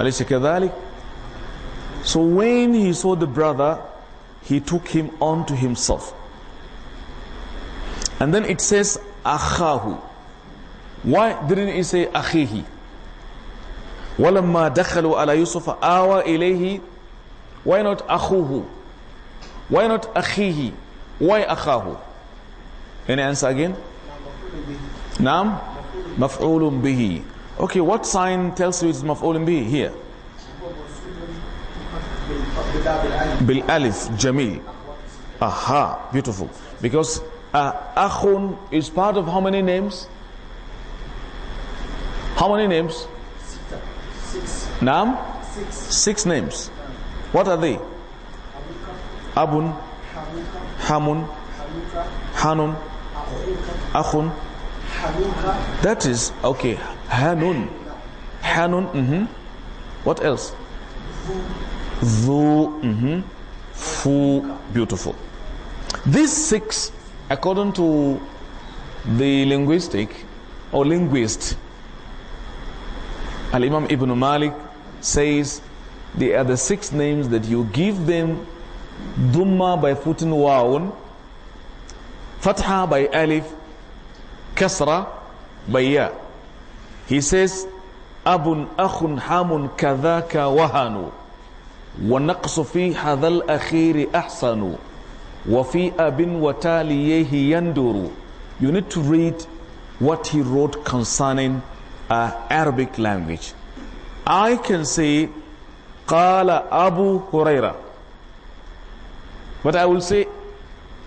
Speaker 1: أليس كذلك so when he saw the brother he took him on to himself and then it says أخاه why didn't he say أخيه ولما دخلوا على يوسف آوى إليه why not أخوه why not أخيه why أخاه any answer again نعم maf'ulun bihi. Okay, what sign tells you it's maf'ulun bihi here? Bil alif, jamil. Aha, beautiful. Because uh, akhun is part of how many names? How many names? Six. Nam? Six. Six names. What are they? Abun, Hamun, Hanun, Akhun, that is, okay, Hanun. Hanun, mm -hmm. What else? Dhu, mm -hmm. Fu, beautiful. These six, according to the linguistic or linguist, Al Imam Ibn Malik says they are the six names that you give them Duma by putting Waun, Fatha by Alif, كسرة بياء He says, أب أخ حام كذاك وهن ونقص في هذا الأخير أحسن وفي أب وتاليه يندر You need to read what he wrote concerning uh, Arabic language. I can say قال أبو هريرة But I will say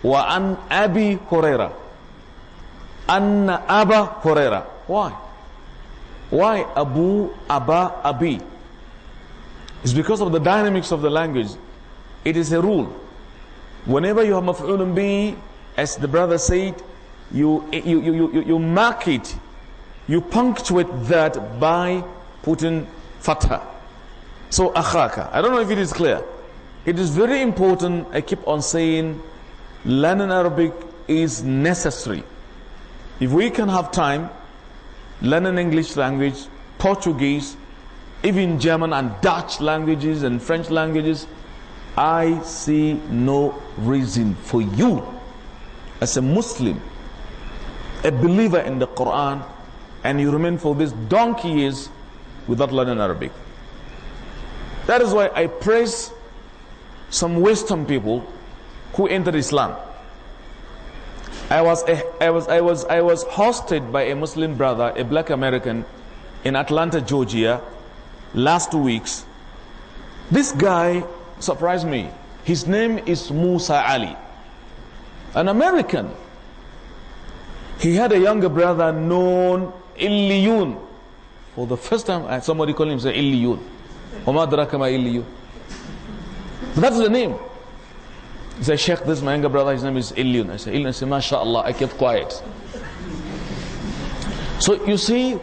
Speaker 1: وعن أبي هريرة Anna Abba Huraira. Why? Why Abu, Abba, Abi? It's because of the dynamics of the language. It is a rule. Whenever you have maf'ulun bi, as the brother said, you, you, you, you, you mark it, you punctuate that by putting fatha. So akhaka. I don't know if it is clear. It is very important, I keep on saying, learning Arabic is necessary if we can have time, learn an English language, Portuguese, even German and Dutch languages and French languages, I see no reason for you as a Muslim, a believer in the Quran, and you remain for this donkey years without learning Arabic. That is why I praise some Western people who entered Islam. I was, a, I, was, I, was, I was hosted by a Muslim brother, a black American, in Atlanta, Georgia, last two weeks. This guy surprised me. His name is Musa Ali, an American. He had a younger brother known Illiyun. For the first time, somebody called him say, Illiyun. That's the name. He said, Sheikh, this is my younger brother, his name is Ilyun. I said, Ilyun, I said, MashaAllah, I kept quiet. So you see,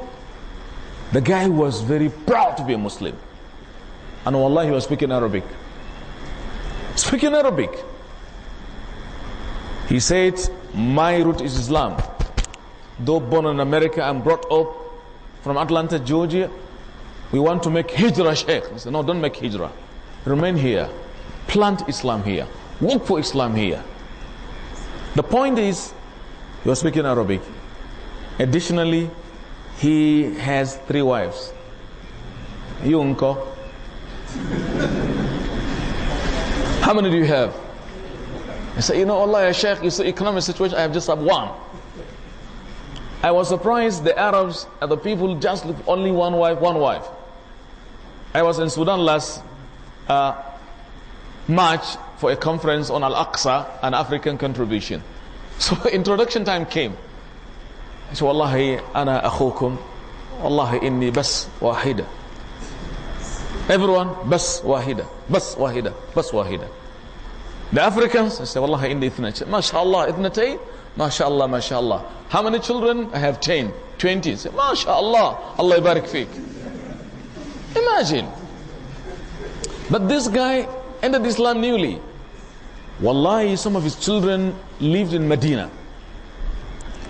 Speaker 1: the guy was very proud to be a Muslim. And Allah, he was speaking Arabic. Speaking Arabic. He said, My root is Islam. Though born in America and brought up from Atlanta, Georgia, we want to make hijrah, Sheikh. I said, No, don't make hijrah. Remain here. Plant Islam here. Work for Islam here. The point is, you're speaking Arabic. Additionally, he has three wives. You, uncle. How many do you have? I say, you know, Allah, ya Sheikh, it's the economic situation. I have just have one. I was surprised the Arabs and the people just look only one wife, one wife. I was in Sudan last uh, March for a conference on Al-Aqsa and African contribution. So introduction time came. I said, Wallahi, ana akhukum. Wallahi, inni bas wahida. Everyone, bas wahida, bas wahida, bas wahida. The Africans, I said, Wallahi, inni ithnatay. MashaAllah, ithnatay. MashaAllah, MashaAllah. How many children? I have 10, 20. I said, MashaAllah, Allah ibarak fiqh. Imagine. But this guy entered Islam newly. Wallahi, some of his children lived in Medina.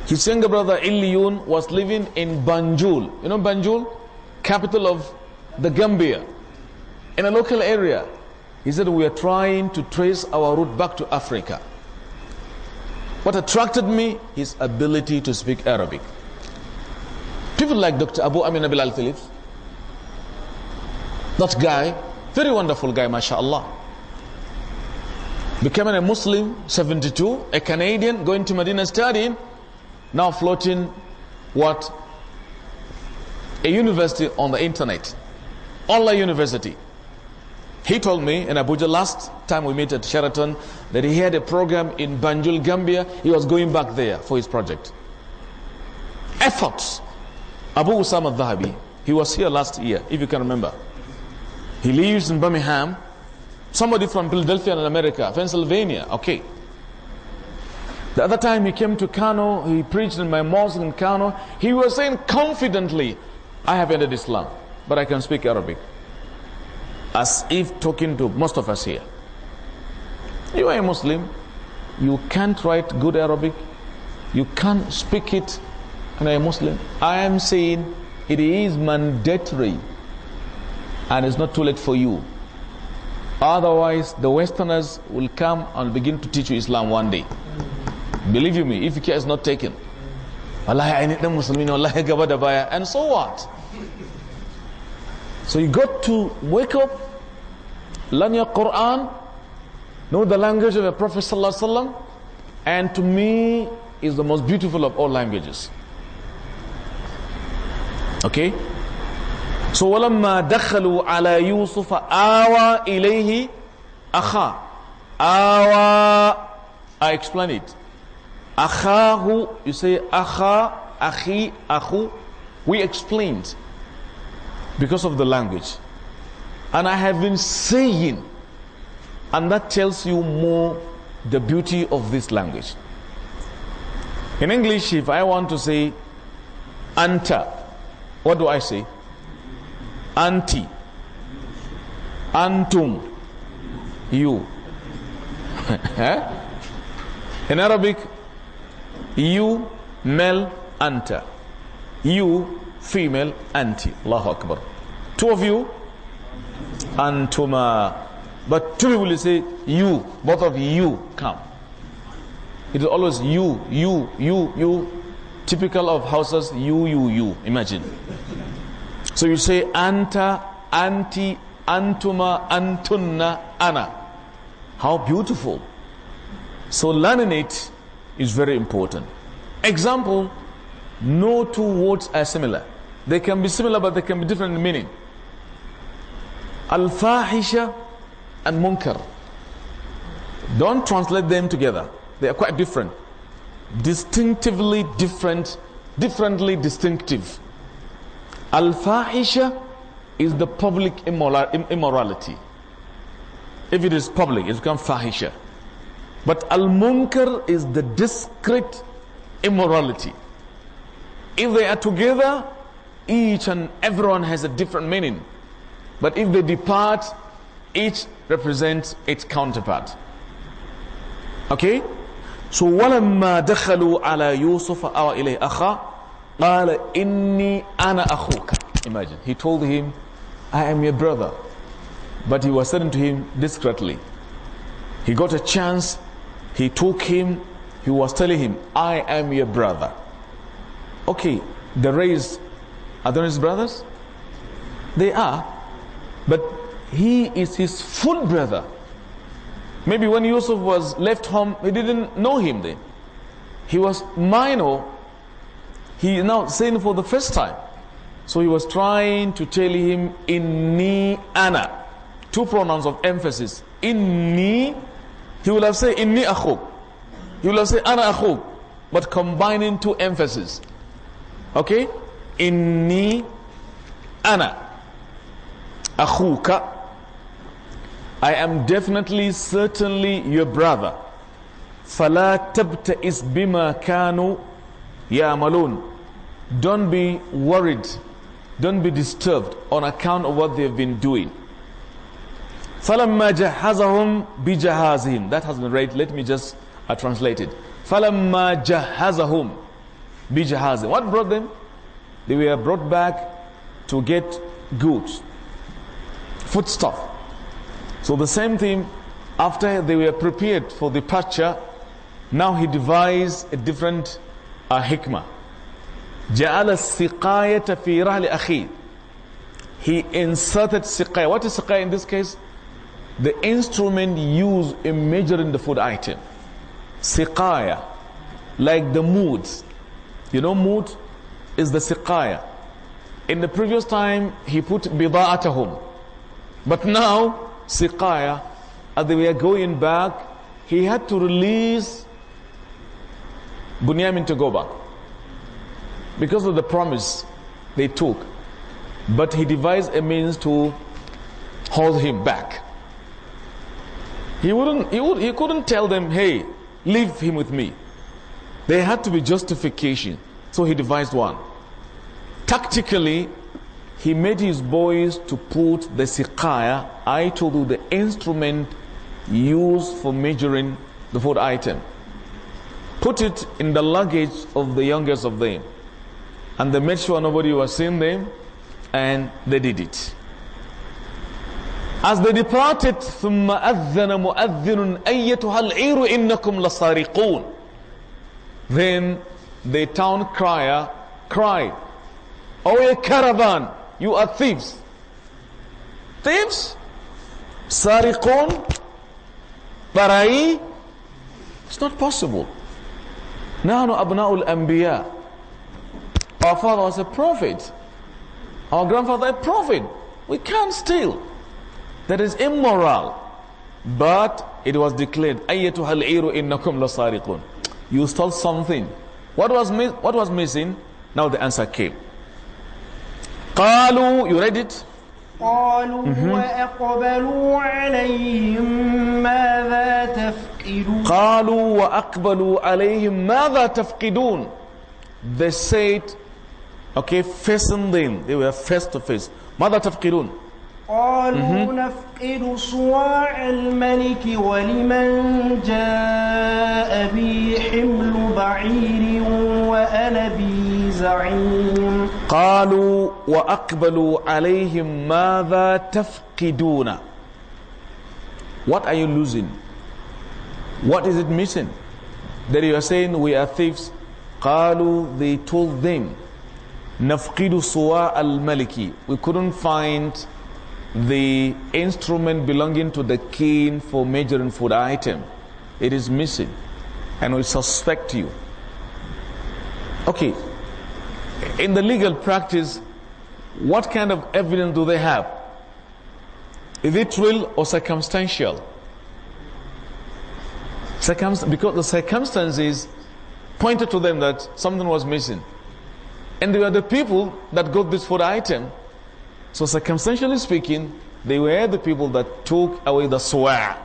Speaker 1: His younger brother Iliyun was living in Banjul. You know Banjul? Capital of the Gambia. In a local area. He said, We are trying to trace our route back to Africa. What attracted me? His ability to speak Arabic. People like Dr. Abu Amin Abil Al That guy, very wonderful guy, mashallah. Becoming a Muslim, 72, a Canadian, going to Medina studying, now floating what? A university on the internet, online university. He told me in Abuja last time we met at Sheraton that he had a program in Banjul, Gambia. He was going back there for his project. Efforts. Abu Usama Dhabi, he was here last year, if you can remember. He lives in Birmingham Somebody from Philadelphia in America, Pennsylvania, okay. The other time he came to Kano, he preached in my mosque in Kano. He was saying confidently, I have entered Islam, but I can speak Arabic. As if talking to most of us here. You are a Muslim, you can't write good Arabic, you can't speak it, and I am Muslim. I am saying it is mandatory and it's not too late for you Otherwise, the Westerners will come and begin to teach you Islam one day. Believe you me, if care is not taken. I need the And so what? So you got to wake up, learn your Quran, know the language of the Prophet Sallallahu and to me is the most beautiful of all languages. Okay? So وَلَمَّا دَخَلُوا عَلَى يُوسُفَ آوَى إِلَيْهِ أَخَى آوَى I explain it. Akhahu, you say akha, akhi, We explained because of the language. And I have been saying, and that tells you more the beauty of this language. In English, if I want to say anta, what do I say? Anti. Antum. You. Eh? In Arabic, you, male, anta. You, female, anti. Allahu Akbar. Two of you, antuma. But two people say, you, both of you, come. It is always you, you, you, you. Typical of houses, you, you, you. Imagine. So you say anta, anti, antuma, antunna, ana. How beautiful. So learning it is very important. Example, no two words are similar. They can be similar, but they can be different in meaning. Al-fahisha and munkar. Don't translate them together. They are quite different. Distinctively different, differently distinctive. Al fahisha is the public immorality. If it is public, it becomes fahisha. But al munkar is the discreet immorality. If they are together, each and everyone has a different meaning. But if they depart, each represents its counterpart. Okay? So, وَلَمَّا دَخَلُوا عَلَى يُوسُفَ أَوَى إِلَيْهِ أَخَى Imagine, he told him, I am your brother. But he was saying to him discreetly. He got a chance, he took him, he was telling him, I am your brother. Okay, the race, are they his brothers? They are, but he is his full brother. Maybe when Yusuf was left home, he didn't know him then. He was minor he now saying for the first time. So he was trying to tell him, Inni ana. Two pronouns of emphasis. Inni, he would have said, Inni akhuk. He would have said, Ana akhuk. But combining two emphases. Okay? Inni ana. Akhuka. I am definitely, certainly your brother. فلا تبتئس بما كانوا يعملون don't be worried. Don't be disturbed on account of what they've been doing. فَلَمَّا جَهَّزَهُمْ بِجَهَازِهِمْ That has been read. Let me just uh, translate it. فَلَمَّا جَهَّزَهُمْ بِجَهَازِهِمْ What brought them? They were brought back to get goods, foodstuff. So the same thing, after they were prepared for departure, now he devised a different uh, hikmah. Ja'ala siqayata fi rahli akhi. He inserted siqaya. What is siqaya in this case? The instrument used in measuring the food item. Siqaya. Like the mood. You know mood is the siqaya. In the previous time, he put bida'atahum. But now, siqaya, as they were going back, he had to release Bunyamin to go back because of the promise they took. But he devised a means to hold him back. He, wouldn't, he, would, he couldn't tell them, hey, leave him with me. There had to be justification. So he devised one. Tactically, he made his boys to put the siqaya, I told you the instrument used for measuring the food item, put it in the luggage of the youngest of them and they made sure nobody was seeing them and they did it. As they departed, ثم أذن مؤذن أيتها العير إنكم Then the town crier cried, "O a caravan, you are thieves." Thieves, sariqun, barai. It's not possible. نحن أبناء الأنبياء our father was a prophet. Our grandfather a prophet. We can't steal. That is immoral. But it was declared, أَيَّتُهَا الْعِيرُ إِنَّكُمْ لَصَارِقُونَ You stole something. What was, what was missing? Now the answer came. قالوا You read it?
Speaker 2: قالوا mm -hmm.
Speaker 1: وأقبلوا عليهم ماذا تفقدون قالوا وأقبلوا عليهم ماذا تفقدون They said Okay, facing them. They were face to face. ماذا تفقدون?
Speaker 2: قالوا mm-hmm. نفقد صواع الملك ولمن جاء بي حمل بعير وأنا
Speaker 1: بي زعيم قالوا وأقبلوا عليهم ماذا تفقدون What are you losing? What is it missing? That you are saying we are thieves. قالوا they told them Nafqidu Suwa al Maliki. We couldn't find the instrument belonging to the king for measuring food item. It is missing. And we suspect you. Okay. In the legal practice, what kind of evidence do they have? Is it real or circumstantial? Circumst- because the circumstances pointed to them that something was missing. And they were the people that got this food item. So circumstantially speaking, they were the people that took away the suwa'.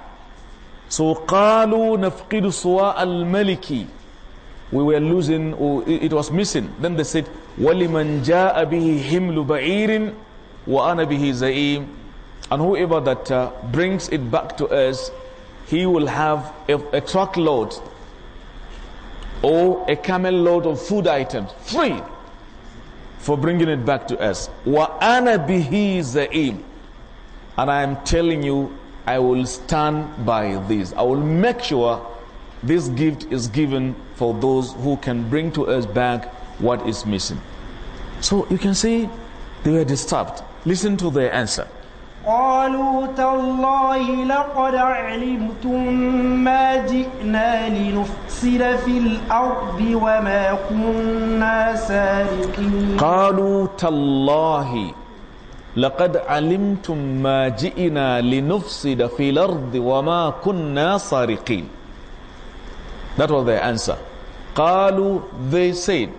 Speaker 1: So قالوا نفقد سواء الملكي we were losing or it was missing then they said وَلِمَنْ جَاءَ بِهِ حِمْلُ بَعِيرٍ وَأَنَا بِهِ زَئِيمٍ and whoever that uh, brings it back to us he will have a, a truckload or a camel load of food items free for bringing it back to us. Wa ana bihi za'im. And I am telling you, I will stand by this. I will make sure this gift is given for those who can bring to us back what is missing. So you can see they were disturbed. Listen to their answer.
Speaker 2: قالوا تالله لقد علمتم ما جئنا لنفسد في الأرض وما كنا
Speaker 1: سارقين قالوا تالله لقد علمتم ما جئنا لنفسد في الأرض وما كنا سارقين That was their answer. قالوا they said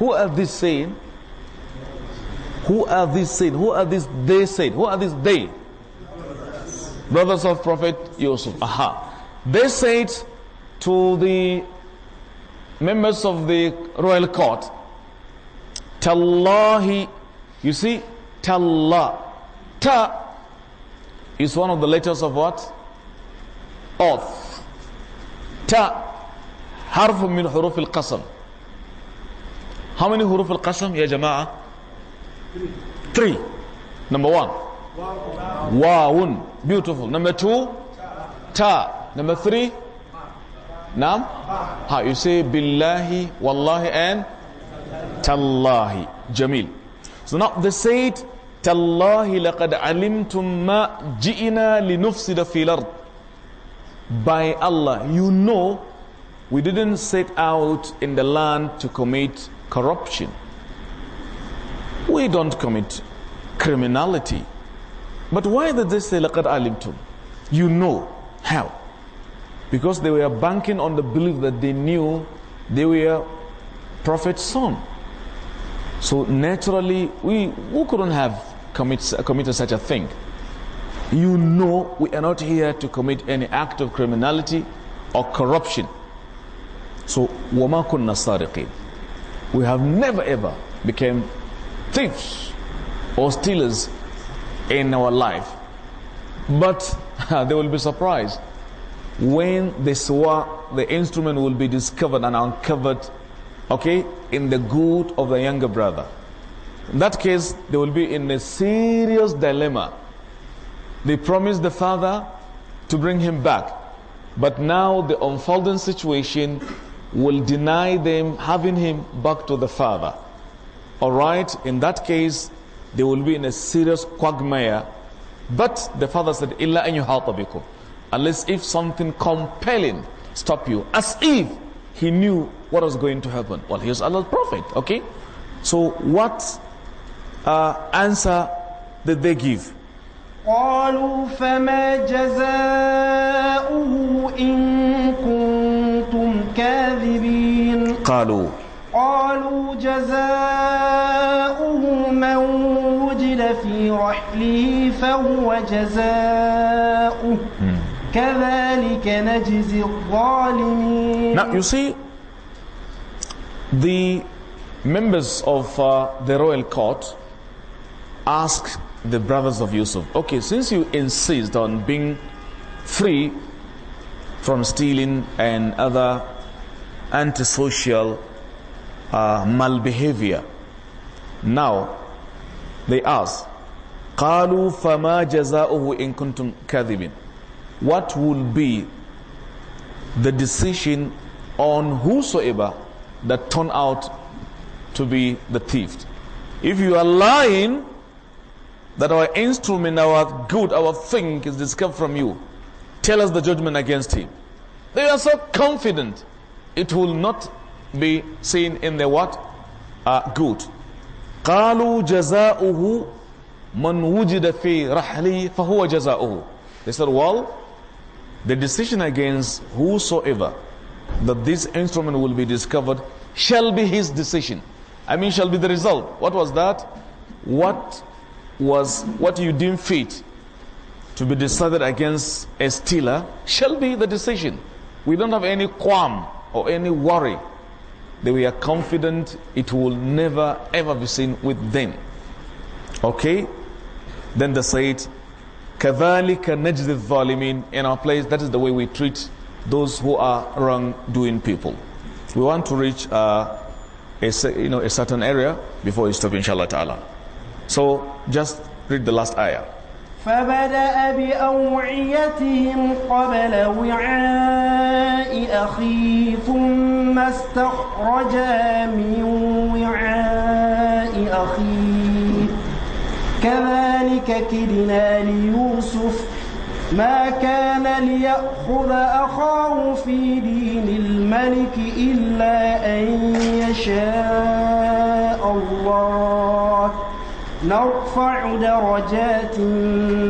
Speaker 1: Who are they saying? Who are these said? Who are these they said? Who are these they? Brothers of Prophet Yusuf. Aha. They said to the members of the royal court, Tallahi. You see, Talla. Ta is one of the letters of what? Oath. Ta. حرف من حروف القسم. How many حروف القسم يا جماعه؟ Three. Number one. waun Beautiful. Number two. Ta. Number three. Nam. Ha. You say billahi, wallahi and tallahi. Jamil. So now they said tallahi. لقد alimtum ma جئنا لنفسد في By Allah, you know we didn't set out in the land to commit corruption. We don't commit criminality. But why did they say, لَقَدْ عَلِمْتُمْ You know. How? Because they were banking on the belief that they knew they were prophet's son. So naturally, we, we couldn't have commit, committed such a thing. You know we are not here to commit any act of criminality or corruption. So, وَمَا كُنَّا صَارِقِينَ We have never ever became thieves or stealers in our life. But they will be surprised when they saw the instrument will be discovered and uncovered, okay, in the good of the younger brother. In that case, they will be in a serious dilemma. They promised the father to bring him back, but now the unfolding situation will deny them having him back to the father all right, in that case, they will be in a serious quagmire. But the father said, Illa an yuhatabikum. Unless if something compelling stop you. As if he knew what was going to happen. Well, he was Allah's prophet, okay? So what uh, answer did they give? قالوا فما
Speaker 2: جزاؤه إن كنتم كاذبين قالوا قالوا جزاؤه من وجد في رحله فهو جزاؤه كذلك نجزي الظالمين Now you see
Speaker 1: the members of uh, the royal court ask the brothers of Yusuf okay since you insist on being free from stealing and other antisocial uh, malbehavior. Now, they ask, قَالُوا فَمَا جَزَاؤُهُ إِن كُنْتُمْ كَذِبٍ What will be the decision on whosoever that turn out to be the thief? If you are lying, that our instrument, our good, our thing is discovered from you, tell us the judgment against him. They are so confident it will not be seen in the what? Uh, good. قالوا جزاؤه من وجد في رحلي فهو جزاؤه. They said, well, the decision against whosoever that this instrument will be discovered shall be his decision. I mean, shall be the result. What was that? What was what you deem fit to be decided against a stealer shall be the decision. We don't have any qualm or any worry they were confident it will never ever be seen with them. Okay? Then they said, كَذَلِكَ نَجْزِ الظَّالِمِينَ In our place, that is the way we treat those who are wrongdoing people. We want to reach uh, a, you know, a certain area before we stop, inshallah ta'ala. So just read the last ayah.
Speaker 2: فبدأ بأوعيتهم قبل وعاء أخيه ثم استخرجا من وعاء أخيه كذلك كدنا ليوسف ما كان ليأخذ أخاه في دين الملك إلا أن يشاء الله نرفع درجات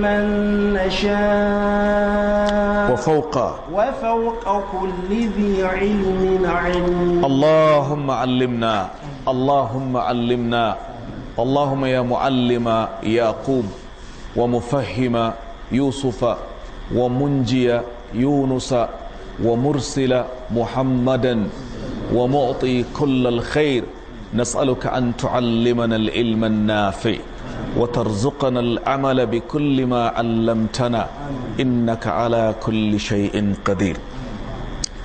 Speaker 2: من نشاء وفوق وفوق كل ذي علم علم
Speaker 1: اللهم علمنا اللهم علمنا اللهم يا معلم يعقوب ومفهم يوسف ومنجي يونس ومرسل محمدا ومعطي كل الخير نسألك أن تعلمنا العلم النافع وترزقنا العمل بكل ما علمتنا إنك على كل شيء قدير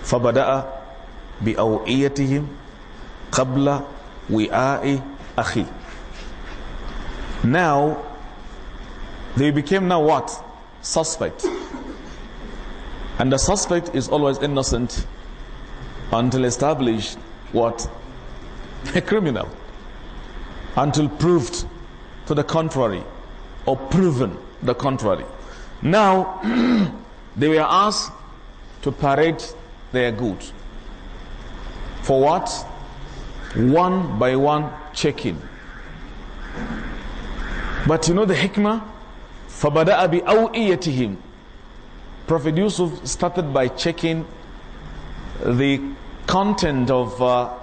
Speaker 1: فبدأ بأوئيتهم قبل وعاء أخي Now they became now what? Suspect. And the suspect is always innocent until established what? a criminal until proved to the contrary or proven the contrary. Now, they were asked to parade their goods. For what? One by one checking. But you know the hikmah? فَبَدَأَ بِأَوْئِيَتِهِمْ Prophet Yusuf started by checking the content of uh,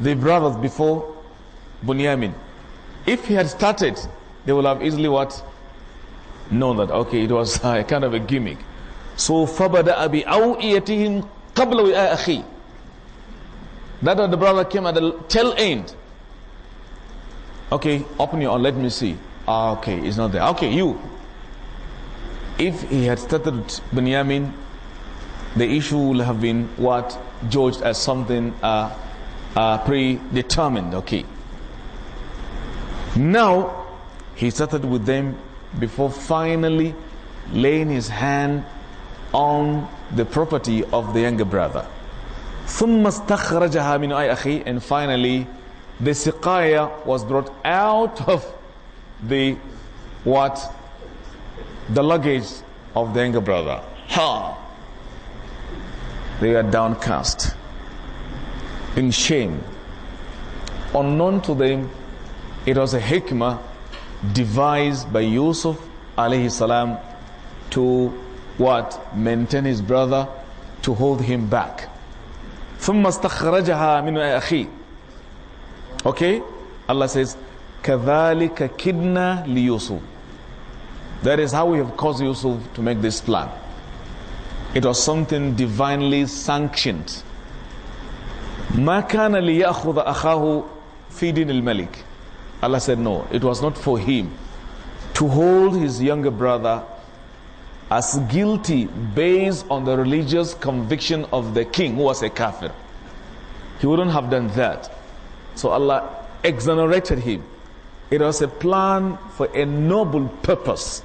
Speaker 1: the brothers before Bunyamin. If he had started, they would have easily what? Known that, okay, it was a kind of a gimmick. So, فَبَدَأَ بِأَوْئِيَتِهِمْ قَبْلَ وِآ أَخِي That the brother came at the tail end. Okay, open your own, let me see. Ah, okay, it's not there. Okay, you. If he had started Bunyamin, the issue would have been what? Judged as something uh, are predetermined. Okay. Now, he started with them before finally laying his hand on the property of the younger brother. ثم استخرجها من أخي and finally the siqaya was brought out of the what the luggage of the younger brother. Ha! They are downcast in shame. Unknown to them, it was a hikmah devised by Yusuf alayhi salam to what? Maintain his brother, to hold him back. ثم استخرجها من Okay? Allah says, كَذَلِكَ كِدْنَا لِيُوسُفُ That is how we have caused Yusuf to make this plan. It was something divinely sanctioned. ما كان ليأخذ أخاه feeding al-malik. Allah said no it was not for him to hold his younger brother as guilty based on the religious conviction of the king who was a kafir he wouldn't have done that so Allah exonerated him it was a plan for a noble purpose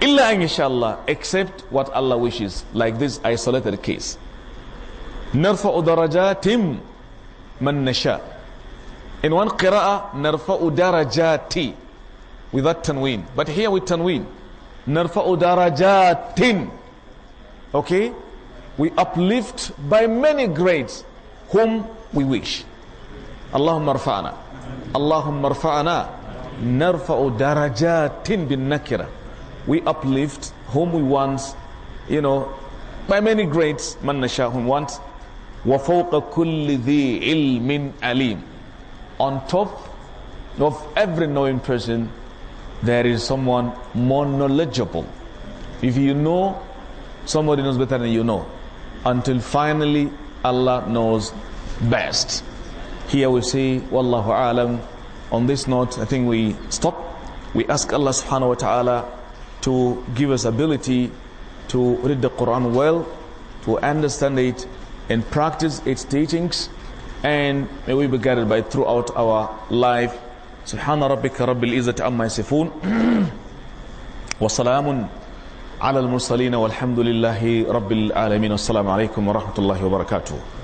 Speaker 1: illa inshallah except what Allah wishes like this isolated case نرفع udarajatim من نشاء in one qira'a narfa'u darajati with that tanween but here with tanween narfa'u udarajatim. okay we uplift by many grades whom we wish allahumma rfa'na allahumma rfa'na narfa'u darajatin bin nakira we uplift whom we want you know by many grades man nasha whom want. On top of every knowing person, there is someone more knowledgeable. If you know, somebody knows better than you know. Until finally, Allah knows best. Here we see, Wallahu Alam. On this note, I think we stop. We ask Allah subhanahu wa ta'ala to give us ability to read the Quran well, to understand it, and practice its teachings and may we be guided by throughout our life سبحان ربك رب العزة عما يصفون وسلام على المرسلين والحمد لله رب العالمين والسلام عليكم ورحمة الله وبركاته